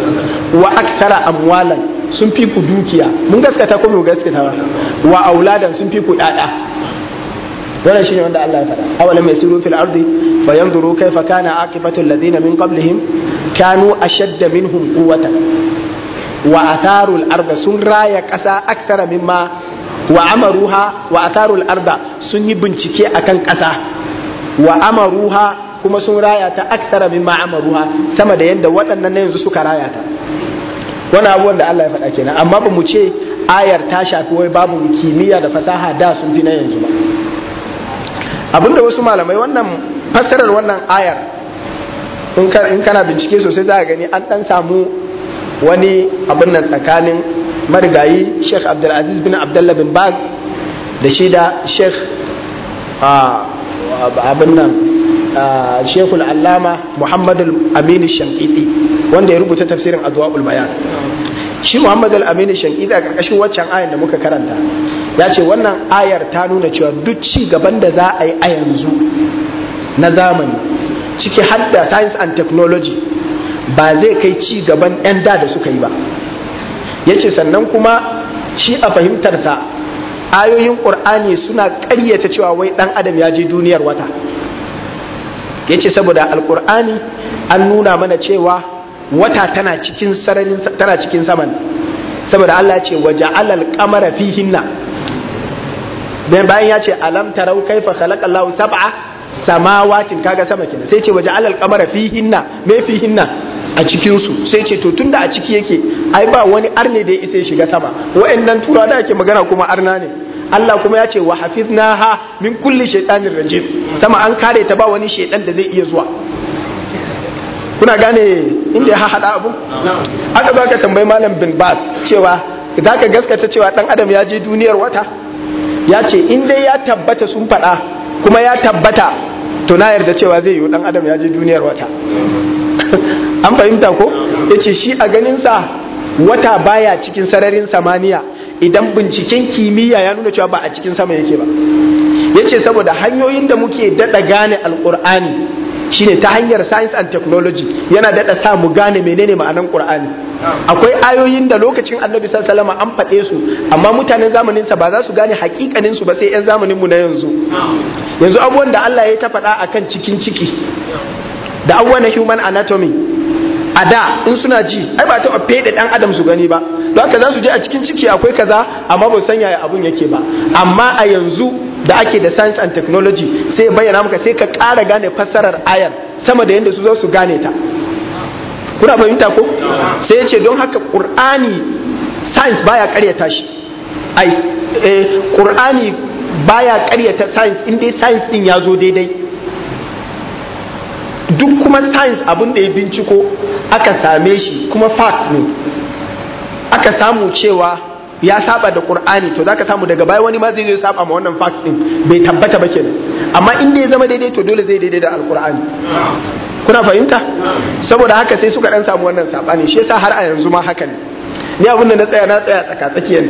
wa aktsara amwalan sun fi ku dukiya mun gaskata ko mun gaskata ba wa auladan sun fi ku dada wannan shine wanda Allah ya faɗa awalam yasiru fil ardi fayanzuru kayfa kana aqibatu alladhina min qablihim kanu ashadda minhum quwwatan wa atharu al arda sun raya kasa aktsara mimma wa amaruha wa atharul arda sun yi bincike akan ƙasa wa amaruha kuma sun raya ta aktara mimma amaruha sama da yadda waɗannan yanzu suka raya ta wani abubuwan da Allah ya faɗa kenan amma ba mu ce ayar ta shafi wai babu kimiyya da fasaha da sun fi na yanzu ba abinda wasu malamai wannan fassarar wannan ayar in kana bincike sosai za a gani an ɗan samu wani abin nan tsakanin marigayi sheikh abdulaziz bin abdullah bin baz da shi da sheikh abin nan shekul allama muhammadu aminu shankiti wanda ya rubuta tafsirin adwa'ul bayan shi muhammad al-amini shankida a ƙarƙashin waccan ayar da muka karanta ya ce wannan ayar ta nuna cewa duk ci gaban da za a yi a yanzu na zamani ciki hadda science and technology ba zai kai ci gaban 'yan da da suka yi ba yace sannan kuma shi a fahimtarsa ayoyin qur'ani suna ƙaryata cewa wai ɗan adam ya je duniyar wata yace saboda alqur'ani an nuna mana cewa wata tana cikin sararin tana cikin saman saboda Allah ya ce waja'ala al-qamara fihinna dan bayan ya ce alam tarau kaifa khalaqa Allahu sab'a samawatin kaga sama kenan sai ce waja'ala al-qamara fihinna me fihinna a cikinsu sai ce to da a ciki yake ai ba wani arne da ya isa ya shiga sama wa'annan turawa da ake magana kuma arna ne Allah kuma ya ce wa hafiznaha min kulli shaytanir rajim sama an kare ta ba wani shaytan da zai iya zuwa kuna gane inda ya hada abu aka zaka tambayi malam bin bas cewa zaka gaskata cewa dan adam ya je duniyar wata ya ce in dai ya tabbata sun faɗa kuma ya tabbata to na yarda cewa zai yi dan adam ya je duniyar wata an fahimta ko ya ce shi a ganinsa wata baya cikin sararin samaniya idan binciken kimiyya ya nuna cewa ba a cikin sama yake ba ya ce saboda hanyoyin da muke daɗa gane alƙur'ani shine ta hanyar science and technology yana daɗa sa mu gane menene ma'anan ƙur'ani akwai ayoyin da lokacin annabi sallama an faɗe su amma mutanen zamanin sa ba za su gane hakikanin su ba sai yan zamanin mu na yanzu yanzu abubuwan da Allah ya ta faɗa kan cikin ciki da abubuwan na human anatomy a da in suna ji ai ba taɓa fede ɗan adam su gani ba don haka za su je a cikin ciki akwai kaza amma ba san yaya abun yake ba amma a yanzu da ake da science and technology sai bayyana maka sai ka ƙara gane fassarar ayar sama da yadda su za su gane ta kuna fahimta ko sai ya ce don haka ƙur'ani science baya ƙaryata shi ai ƙur'ani eh, baya ƙaryata science in dai science din ya zo daidai duk kuma science abin da ya binciko aka same shi kuma fact ne aka samu cewa ya saba da qur'ani to zaka samu daga baya wani ma zai zo saba ma wannan fact din bai tabbata ba kenan amma in ya zama daidai to dole zai daidai da alqur'ani kuna fahimta saboda haka sai suka dan samu wannan ne shi yasa har a yanzu ma haka ne ni abin da na tsaya na tsaya tsaka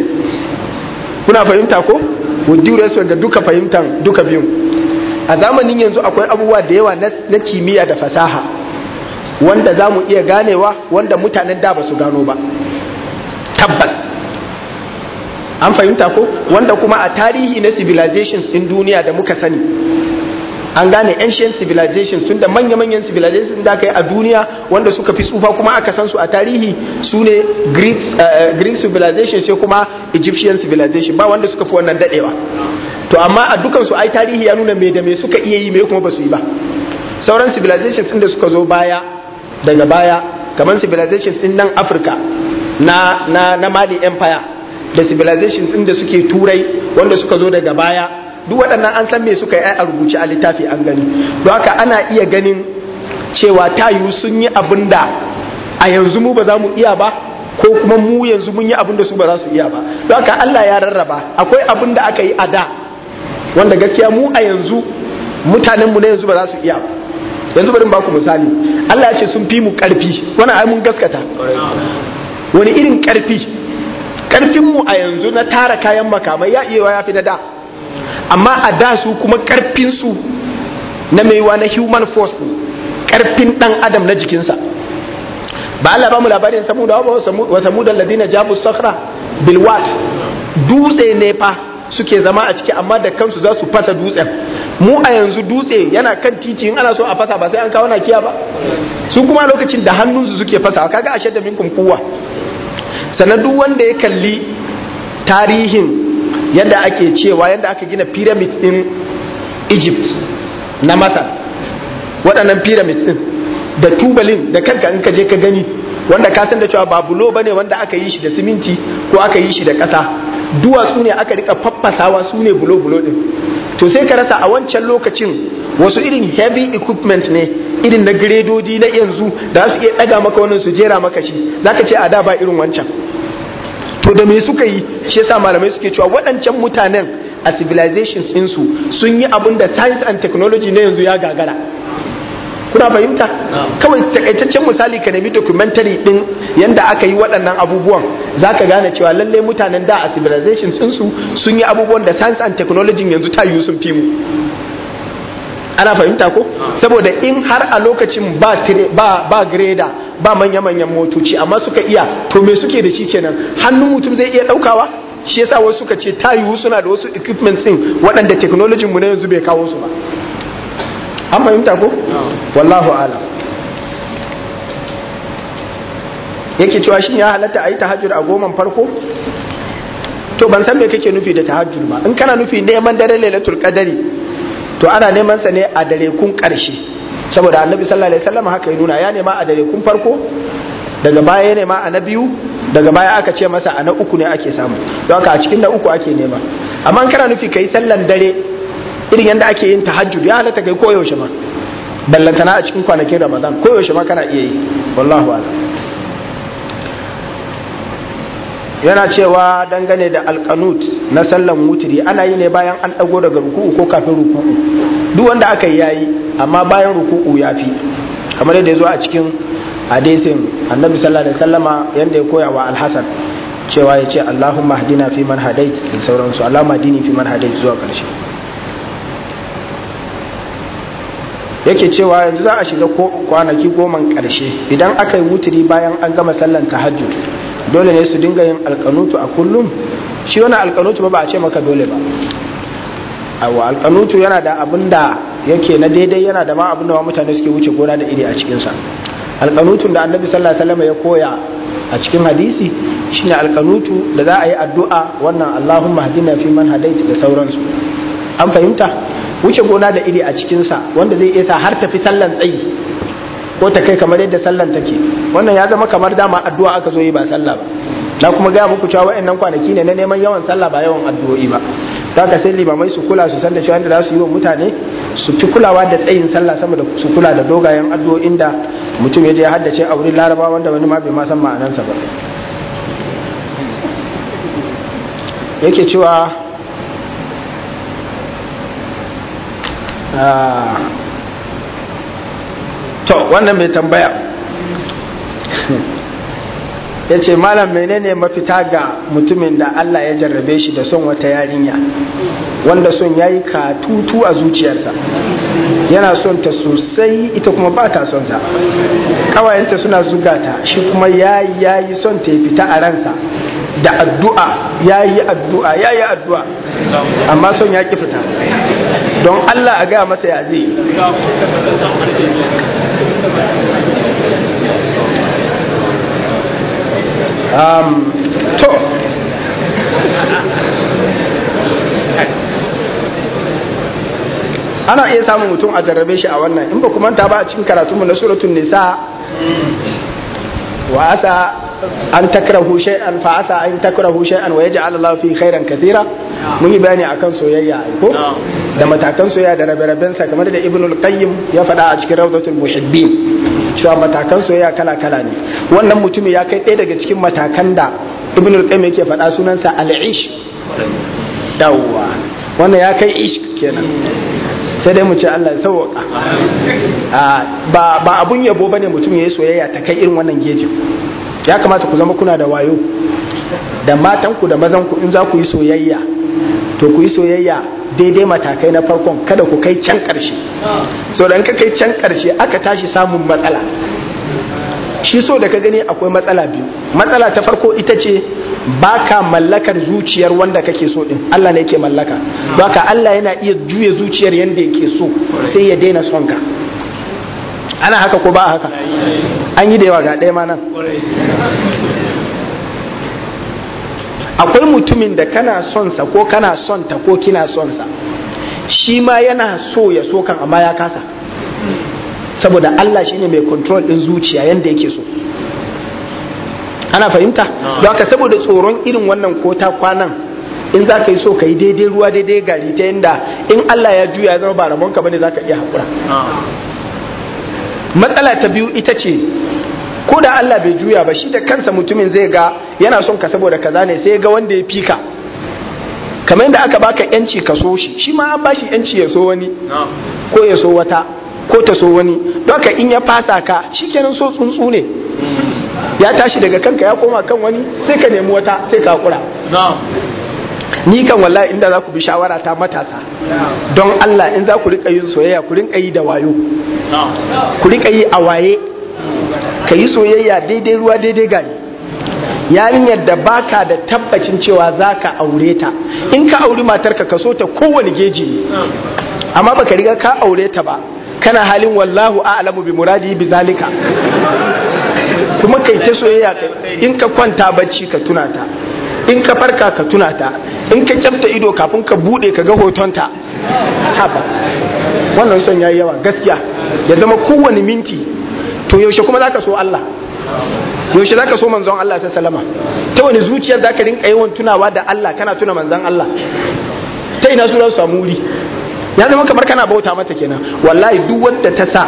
kuna fahimta ko with due ga duka fahimtan duka biyun a zamanin yanzu akwai abubuwa da yawa na kimiyya da fasaha wanda za mu iya ganewa wanda mutanen da ba su gano ba tabbas an fahimta ko wanda kuma a tarihi na civilizations in duniya da muka sani an gane ancient civilizations da manya-manyan civilizations da aka yi a duniya wanda suka fi tsufa kuma aka san su a tarihi su ne eh, eh, greek civilizations sai kuma egyptian civilization ba wanda suka fi wannan dadewa to amma a dukansu ai tarihi ya nuna me da me suka iya yi me kuma ba su yi ba sauran civilizations da suka zo baya daga baya kamar civilizations din nan Afirka na na na Mali Empire da civilizations din da suke turai wanda suka zo daga baya duk waɗannan an san me suka yi a rubuce a littafi an gani don haka ana iya ganin cewa tayu sun yi abin da a yanzu mu ba za mu iya ba ko kuma mu yanzu mun yi abin da su ba za su iya ba don haka Allah ya rarraba akwai abin da aka yi a da wanda gaskiya mu a yanzu mutanenmu na yanzu ba za su iya yanzu bari ku misali Allah ya ce sun fi mu karfi wani ai mun gaskata wani irin karfi karfin mu a yanzu na tara kayan makamai ya iya ya fi na da amma a da su kuma karfin na maiwa na human force ne karfin dan adam na jikinsa ba Allah ba mu labarin da wa da ladina jabu sakhra bilwat dutse ne fa suke zama a ciki amma da kansu za su fasa dutsen mu a yanzu dutse yana kan titi in ana so a fasa ba sai an kawo kiya ba su kuma lokacin da hannunsu suke fasa kaga ashe da minkum kuwa sannan wanda ya kalli tarihin yadda ake cewa yadda aka gina pyramid din Egypt na Masar waɗannan pyramid din da tubalin da kanka in ka je ka gani wanda ka san da cewa ba bulo bane wanda aka yi shi da siminti ko aka yi shi da ƙasa duwatsu ne aka rika faffasawa su ne bulo-bulo ɗin, to sai ka rasa a wancan lokacin wasu irin heavy equipment ne irin na gredodi na yanzu da su iya daga maka wannan su jera maka shi zaka ce a da ba irin wancan to da me suka yi shi yasa malamai suke cewa waɗancan mutanen a civilizations ɗinsu sun yi abin da science and technology na yanzu ya gagara kuna fahimta kawai takaitaccen misali ka nemi documentary din yanda aka yi waɗannan abubuwan za ka gane cewa lalle mutanen da a sun su sun yi abubuwan da science and technology yanzu ta yi sun fi mu ana fahimta ko saboda in har a lokacin ba ba ba greda ba manya-manyan motoci amma suka iya to me suke da shi kenan hannun mutum zai iya ɗaukawa shi yasa wasu suka ce ta yi suna da wasu equipment din waɗanda technology mu na yanzu bai kawo su ba an fahimta ko wallahu ala yake cewa shi ya halatta a yi tahajjud a goman farko to ban san me kake nufi da tahajjud ba in kana nufi neman dare lailatul qadari to ana neman sa ne a dare kun karshe saboda annabi sallallahu alaihi wasallam haka ya nuna ya nema a dare kun farko daga baya ya nema a na biyu daga baya aka ce masa a na uku ne ake samu don haka a cikin na uku ake nema amma in kana nufi kai sallan dare irin yadda ake yin tahajjud ya halatta kai koyaushe ma ballantana a cikin kwanakin ramadan koyaushe ma kana iya yi wallahu ala yana cewa dangane da alkanut na sallan wutiri ana yi ne bayan an dago daga ruku'u ko kafin ruku'u duk wanda aka yi yayi amma bayan ruku'u ya fi kamar yadda ya zo a cikin hadisin annabi sallallahu alaihi wasallama yanda ya koya wa alhasan cewa ya ce allahumma hadina fi man hadait da sauransu allahumma hadini fi man hadait zuwa karshe yake cewa yanzu za a shiga kwanaki goman karshe idan aka yi wuturi bayan an gama sallan tahajjud dole ne su dinga yin alkanutu a kullum shi wani alkanutu ba a ce maka dole ba awa alkanutu yana da abin da yake na daidai yana da ma abin da mutane suke wuce gona da iri a cikinsa alkanutun da annabi sallallahu alaihi ya koya a cikin hadisi shine alkanutu da za a yi addu'a wannan allahumma hadina fi man da sauransu an fahimta wuce gona da iri a cikinsa wanda zai isa har tafi sallan tsayi ko ta kai kamar yadda sallan take wannan ya zama kamar dama addu'a aka zo yi ba sallah ba na kuma gaya muku cewa wa'annan kwanaki ne na neman yawan sallah ba yawan addu'o'i ba za ka sai limamai su kula su san da cewa za su yi wa mutane su fi kulawa da tsayin sallah sama da su kula da dogayen addu'o'in da mutum ya je haddace a wurin laraba wanda wani ma bai ma san ma'anansa ba yake cewa to wannan mai tambaya ya ce malam menene mafita ga mutumin da Allah ya jarrabe shi da son wata yarinya wanda son ya yi katutu a zuciyarsa yana son ta sosai ita kuma ba ta son sa kawayenta suna zuga ta shi kuma ya yi son ta fita a ransa da addu'a ya yi addu'a ya yi addu'a amma son ya ki fita don Allah a gaya masa ya zai um, to ana iya samun mutum a jarrabe shi a wannan in ba kuma ta ba a cikin karatunmu na suratun nisa wa asa an takrahu shay'an fa asa an takrahu shay'an wa yaj'al Allah fi khairan kathira mun yi bayani akan soyayya ko da matakan soyayya da rabe-raben sa kamar da Ibn al-Qayyim ya faɗa a cikin Rawdatul Muhibbin cewa matakan soyayya kala-kala ne wannan mutumi ya kai ɗaya daga cikin matakan da Ibn al-Qayyim yake faɗa sunansa al-ish dawwa wannan ya kai ish kenan sai dai mu ce Allah ya sauka ah, ba abun yabo bane mutum ya yi soyayya ta kai irin wannan gejin ya kamata ku zama kuna da wayo da matanku da mazanku in za ku yi soyayya to ku yi soyayya daidai matakai na farkon kada ku kai can ƙarshe so da ka kai can ƙarshe aka tashi samun matsala shi so da ka gani akwai matsala biyu matsala ta farko ita ce ba ka mallakar zuciyar wanda kake so din Allah ne yake mallaka ba ka Allah yana iya juya zuciyar yanda yake so sai ya daina son ka ana haka ko ba haka an yi da yawa ga ɗaya ma nan akwai mutumin da kana son sa ko kana son ta ko kina son sa shi ma yana so ya so kan amma ya kasa saboda Allah shine mai control din zuciya yanda yake so ana fahimta don haka saboda tsoron irin wannan kota kwanan in za ka yi so ka yi daidai ruwa daidai gari ta yadda in Allah ya juya zama ba ka bane za ka iya haƙura matsala ta biyu ita ce ko da Allah bai juya ba shi da kansa mutumin zai ga yana son ka saboda kaza ne sai ga wanda ya fika kamar yadda aka baka yanci ka so shi shi ma an bashi yanci ya so wani ko ya so wata ko ta so wani don ka in ya fasa ka kenan so tsuntsu ne ya tashi daga kanka ya koma kan wani sai ka nemi wata sai ka kura ni kan wallahi inda za ku bi shawara ta matasa don Allah in za ku rika yin soyayya ku rinka yi da wayo ku rika yi a waye ka yi soyayya daidai ruwa daidai gari yarinyar da baka da tabbacin cewa za ka aure ta in ka auri matar ka kaso ta kowane geji ne amma baka riga ka aure ta ba kana halin wallahu a'lamu bi muradi bi zalika kuma kai ta soyayya in ka kwanta bacci ka tuna ta in ka farka ka tuna ta in ka kyamta ido kafin ka bude ka ga hotonta haba wannan son yi yawa gaskiya ya zama kowane minti to yaushe kuma zaka so Allah yaushe zaka so manzon Allah sallallahu salama ta wani zuciyar zaka rinka yawan tunawa da Allah kana tuna manzon Allah ta ina su za su samu wuri ya zama kamar kana bauta mata kenan wallahi duk wanda ta sa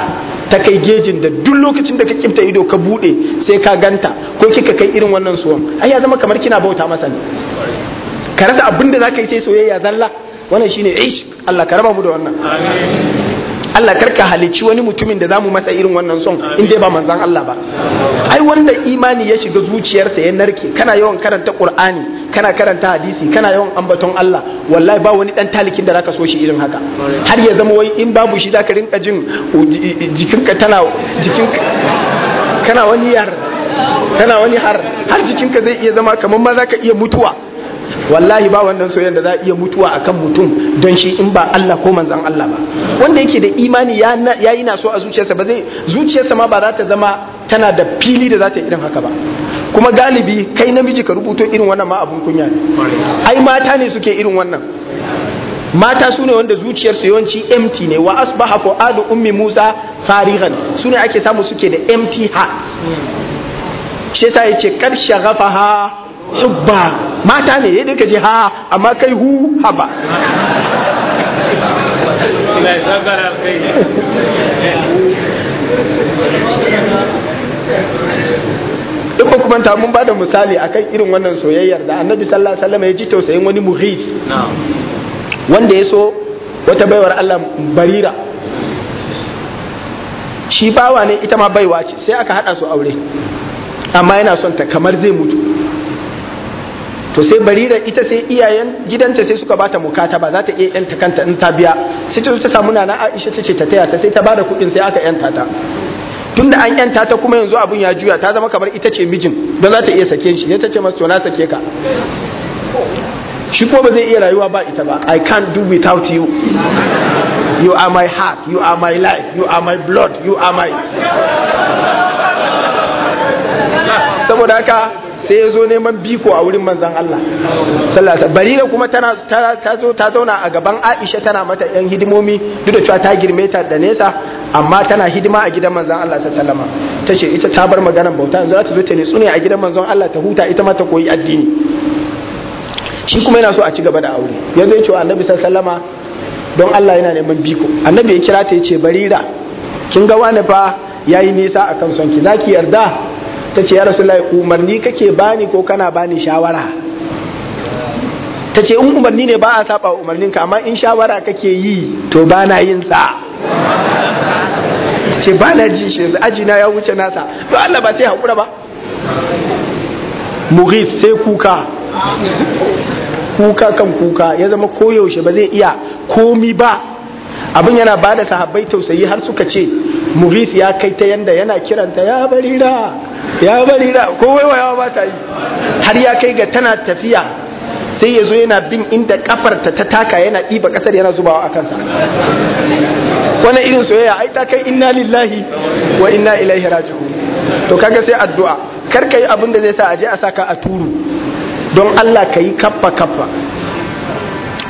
ta kai gejin da duk lokacin da ka kimta ido ka bude sai ka ganta ko kika kai irin wannan suwan ai ya zama kamar kina bauta masa ne ka rasa abinda da zaka yi sai soyayya zalla wannan shine ish Allah ka raba mu da wannan Allah karka halicci wani mutumin da zamu masa irin wannan son in dai ba manzon Allah ba ai wanda imani ya shiga zuciyarsa ya narke kana yawan karanta Qur'ani kana karanta hadisi kana yawan ambaton Allah wallahi ba wani dan talikin da zaka so shi irin haka har ya zama wai in babu shi zaka rinka jin jikinka tana jikinka kana wani yar kana wani har har jikinka zai iya zama kamar ma zaka iya mutuwa wallahi ba wannan soyayya da za a iya mutuwa akan mutum don shi in ba Allah ko manzan Allah ba wanda yake da imani ya yi na so a zuciyarsa ba zai zuciyarsa ma ba za ta zama tana da fili da za ta irin haka ba kuma galibi kai namiji ka rubuto irin wannan ma abun kunya ne ai mata ne suke irin wannan mata su ne wanda zuciyarsu yawanci empty ne wa asbaha fu'adu ummi musa farihan su ne ake samu suke da empty heart shi yasa yace kar shagafaha hubba mata ne yadda ka ji ha amma kai hu haba in ba kuma mun bada da misali akan irin wannan soyayyar da annabi sallallahu alaihi wasallam ya ji tausayin wani muhid wanda ya so wata baiwar Allah barira shi bawa ne ita ma baiwa ce sai aka hada su aure amma yana son ta kamar zai mutu to sai barira ita sai iyayen gidanta sai suka bata mukata ba za ta iya yanta kanta in ta biya sai ta ta samu nana Aisha ta ce ta taya ta sai ta bada kuɗin sai aka yanta ta tunda an yanta ta kuma yanzu abun ya juya ta zama kamar ita ce mijin ba za ta iya sake shi sai ta ce masa to na sake ka shi ko ba zai iya rayuwa ba ita ba I can't do without you you are my heart you are my life you are my blood you are my saboda haka sai ya zo neman biko a wurin manzan Allah barira kuma ta zo ta zauna a gaban aisha tana mata yan hidimomi duk da cewa ta girme ta da nesa amma tana hidima a gidan manzan Allah sallama ta ce ita ta bar maganar bauta yanzu za ta zo ta ne ne a gidan manzan Allah ta huta ita mata koyi addini shi kuma yana so a ci gaba da aure yanzu ya ce wa annabi sallama don Allah yana neman biko annabi ya kira ta ya ce barira kin ga wani fa yayi nisa akan son ki zaki yarda ta ce ya rasulullahi umarni kake bani ko kana bani shawara ta ce in umarni ne ba a saba umarninka amma in shawara kake yi to ba na yin sa ce ba na ji shi aji na ya wuce nasa to Allah ba sai haƙura ba mughis sai kuka kuka kan kuka ya zama koyaushe ba zai iya komi ba abin yana ba da sahabbai tausayi har suka ce mughis ya kai ta yanda yana kiranta ya barira ya bari da ko waiwayawa ba ta yi har ya kai ga tana tafiya sai ya zo yana bin inda kafarta ta taka yana ɗiba ƙasar yana zubawa a kansa wani irin soyayya ai ta kai inna lillahi wa inna ilaihi raji'un to kaga sai addu'a kar ka abin da zai sa a je a saka a turu don Allah ka yi kaffa kaffa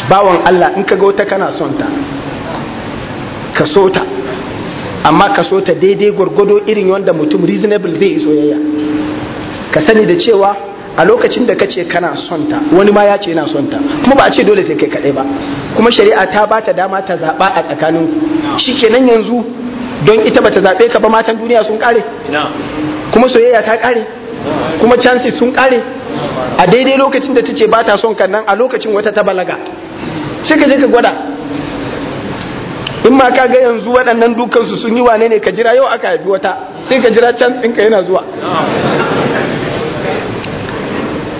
bawan Allah in ka ga wata kana son ta ka so ta amma ka so ta daidai gwargwado irin wanda mutum reasonable zai iso yayya ka sani da cewa a lokacin da kace kana son ta wani ma ya ce yana son ta kuma ba a ce dole sai kai kadai ba kuma shari'a ta ba ta dama ta zaba a tsakanin ku shikenan yanzu don ita bata zaɓe ka ba matan duniya sun kare kuma soyayya ta kare kuma chances sun kare a daidai lokacin da ta ce ba ta son ka nan a lokacin wata ta balaga sai ka je ka gwada in ma kaga yanzu waɗannan dukansu sun yi wane ne ka jira yau aka haifi wata sai ka jira can tsinka yana zuwa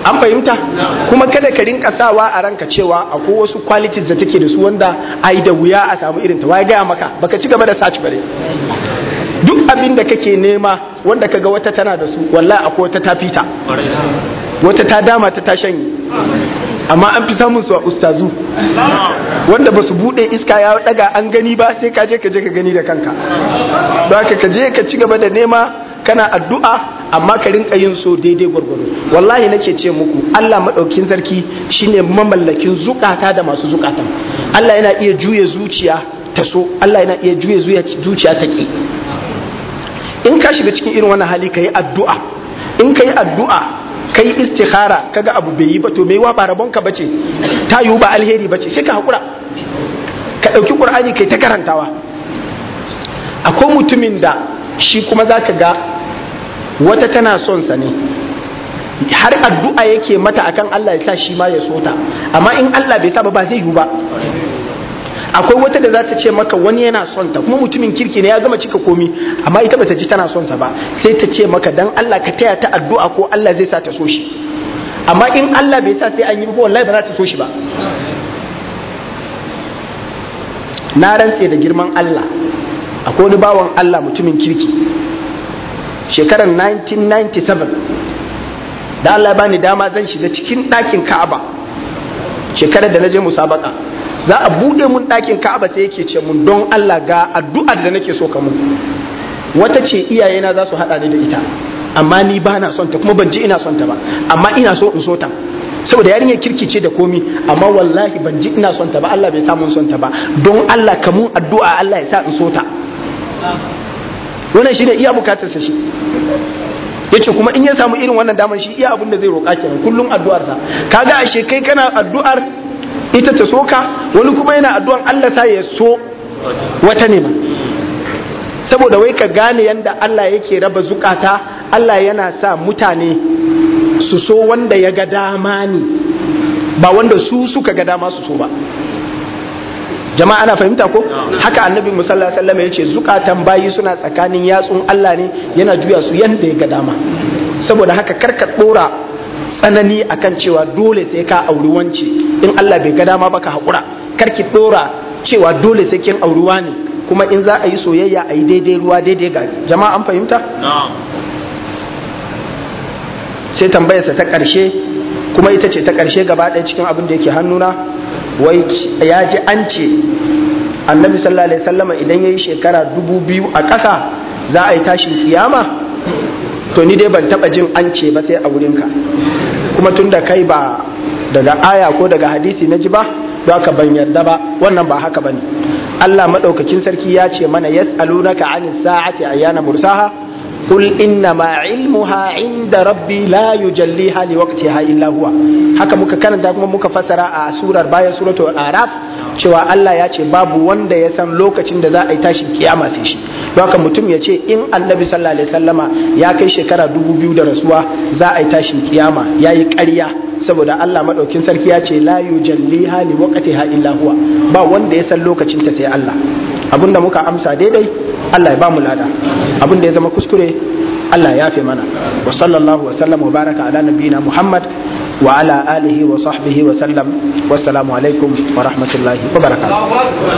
an fahimta kuma kada ka rinka sawa a ranka cewa akwai wasu qualities da take da su wanda yi da wuya a samu irin ta waye gaya maka baka ci gaba da ci bare duk abin da kake nema wanda kaga wata tana da su wallahi akwai wata ta fita wata ta dama ta ta shanye amma an fi samun su a ustazu wanda ba su bude iska ya daga an gani ba sai ka je ka je ka gani da kanka ba ka ka je ka ci gaba da nema kana addu'a amma ka rinka yin so daidai gwargwaro wallahi nake ce muku Allah maɗaukin sarki shine mamallakin zukata da masu zukata Allah yana iya juye zuciya ta so Allah yana iya juye zuciya ta ki in ka shiga cikin irin wannan hali ka yi addu'a in ka yi addu'a kai istikhara kaga abu bai yi ba to mai wa ba ka bace ta yiwu ba alheri bace sai ka hakura ka ɗauki ƙur'ani kai ta karantawa akwai mutumin da shi kuma zaka ga wata tana son sa ne har addu'a yake mata akan Allah ya sa shi ma ya sota amma in Allah bai sa ba ba zai yiwu ba akwai wata da za ta ce maka wani yana son ta kuma mutumin kirki ne ya gama cika komi amma ita bata ji tana son sa ba sai ta ce maka dan Allah ka taya ta addu'a ko Allah zai sa ta so shi amma in Allah bai sa sai an yi ba wallahi ba za ta so shi ba na rantse da girman Allah akwai wani bawan Allah mutumin kirki shekarar 1997 da Allah bani dama zan shiga cikin ɗakin Ka'aba shekarar da na je musabaka za a buɗe mun ɗakin ka'aba sai yake ce mun don Allah ga addu'ar da nake so ka mun wata ce iyayena za su haɗa ni da ita amma ni ba na son ta kuma ban ji ina son ta ba amma ina so in so ta saboda yarinyar kirki ce da komi amma wallahi ban ji ina son ta ba Allah bai sa mun son ta ba don Allah ka mun addu'a Allah ya sa in so ta wannan shi ne iya sa shi yace kuma in ya samu irin wannan damar shi iya abin da zai roƙa kenan kullum addu'arsa kaga ashe kai kana addu'ar ita ta soka wani kuma yana addu'an Allah sa ya so wata nema saboda wai ka gane yanda Allah yake raba zukata Allah yana sa mutane su so wanda ya ga dama ne ba wanda su suka ga dama su so ba jama'a ana fahimta ko haka annabi musalla sallama ya ce zukatan bayi suna tsakanin yatsun Allah ne yana juya su yanda ya ga dama saboda haka karka ɗora tsanani akan cewa dole sai ka auri wance in Allah bai ga dama baka haƙura kar ki dora cewa dole sai kin auri wani kuma in za a yi soyayya a yi daidai ruwa daidai ga jama'a an fahimta sai tambayarsa ta ƙarshe kuma ita ce ta ƙarshe gaba ɗaya cikin abin da yake hannuna wai ya ji an ce annabi sallallahu alaihi sallama idan ya yi shekara dubu biyu a ƙasa za a yi tashin kiyama to ni dai ban taɓa jin an ce ba sai a wurinka kuma tun da kai ba daga aya ko daga hadisi na ji ba don ka ban yarda ba wannan ba haka bane Allah madaukakin sarki ya ce mana yas'alunaka an sa'ati ayyana mursaha qul inna ma ilmuha inda rabbi la yujalliha liwaqtiha illa huwa haka muka karanta kuma muka fassara a surar bayan suratul araf cewa Allah ya ce babu wanda ya san lokacin da za a yi tashin kiyama sai shi haka mutum ya ce in annabi sallallahu alaihi sallama ya kai shekara dubu biyu da rasuwa za a yi tashin kiyama ya yi ƙarya saboda Allah maɗaukin sarki ya ce la yujalliha li waqtiha illa huwa ba wanda ya san lokacin ta sai Allah abinda muka amsa daidai Allah ya ba mu lada abinda ya zama kuskure Allah ya fi mana wa sallallahu wa sallam wa baraka ala nabiyina Muhammad وعلى آله وصحبه وسلم والسلام عليكم ورحمة الله وبركاته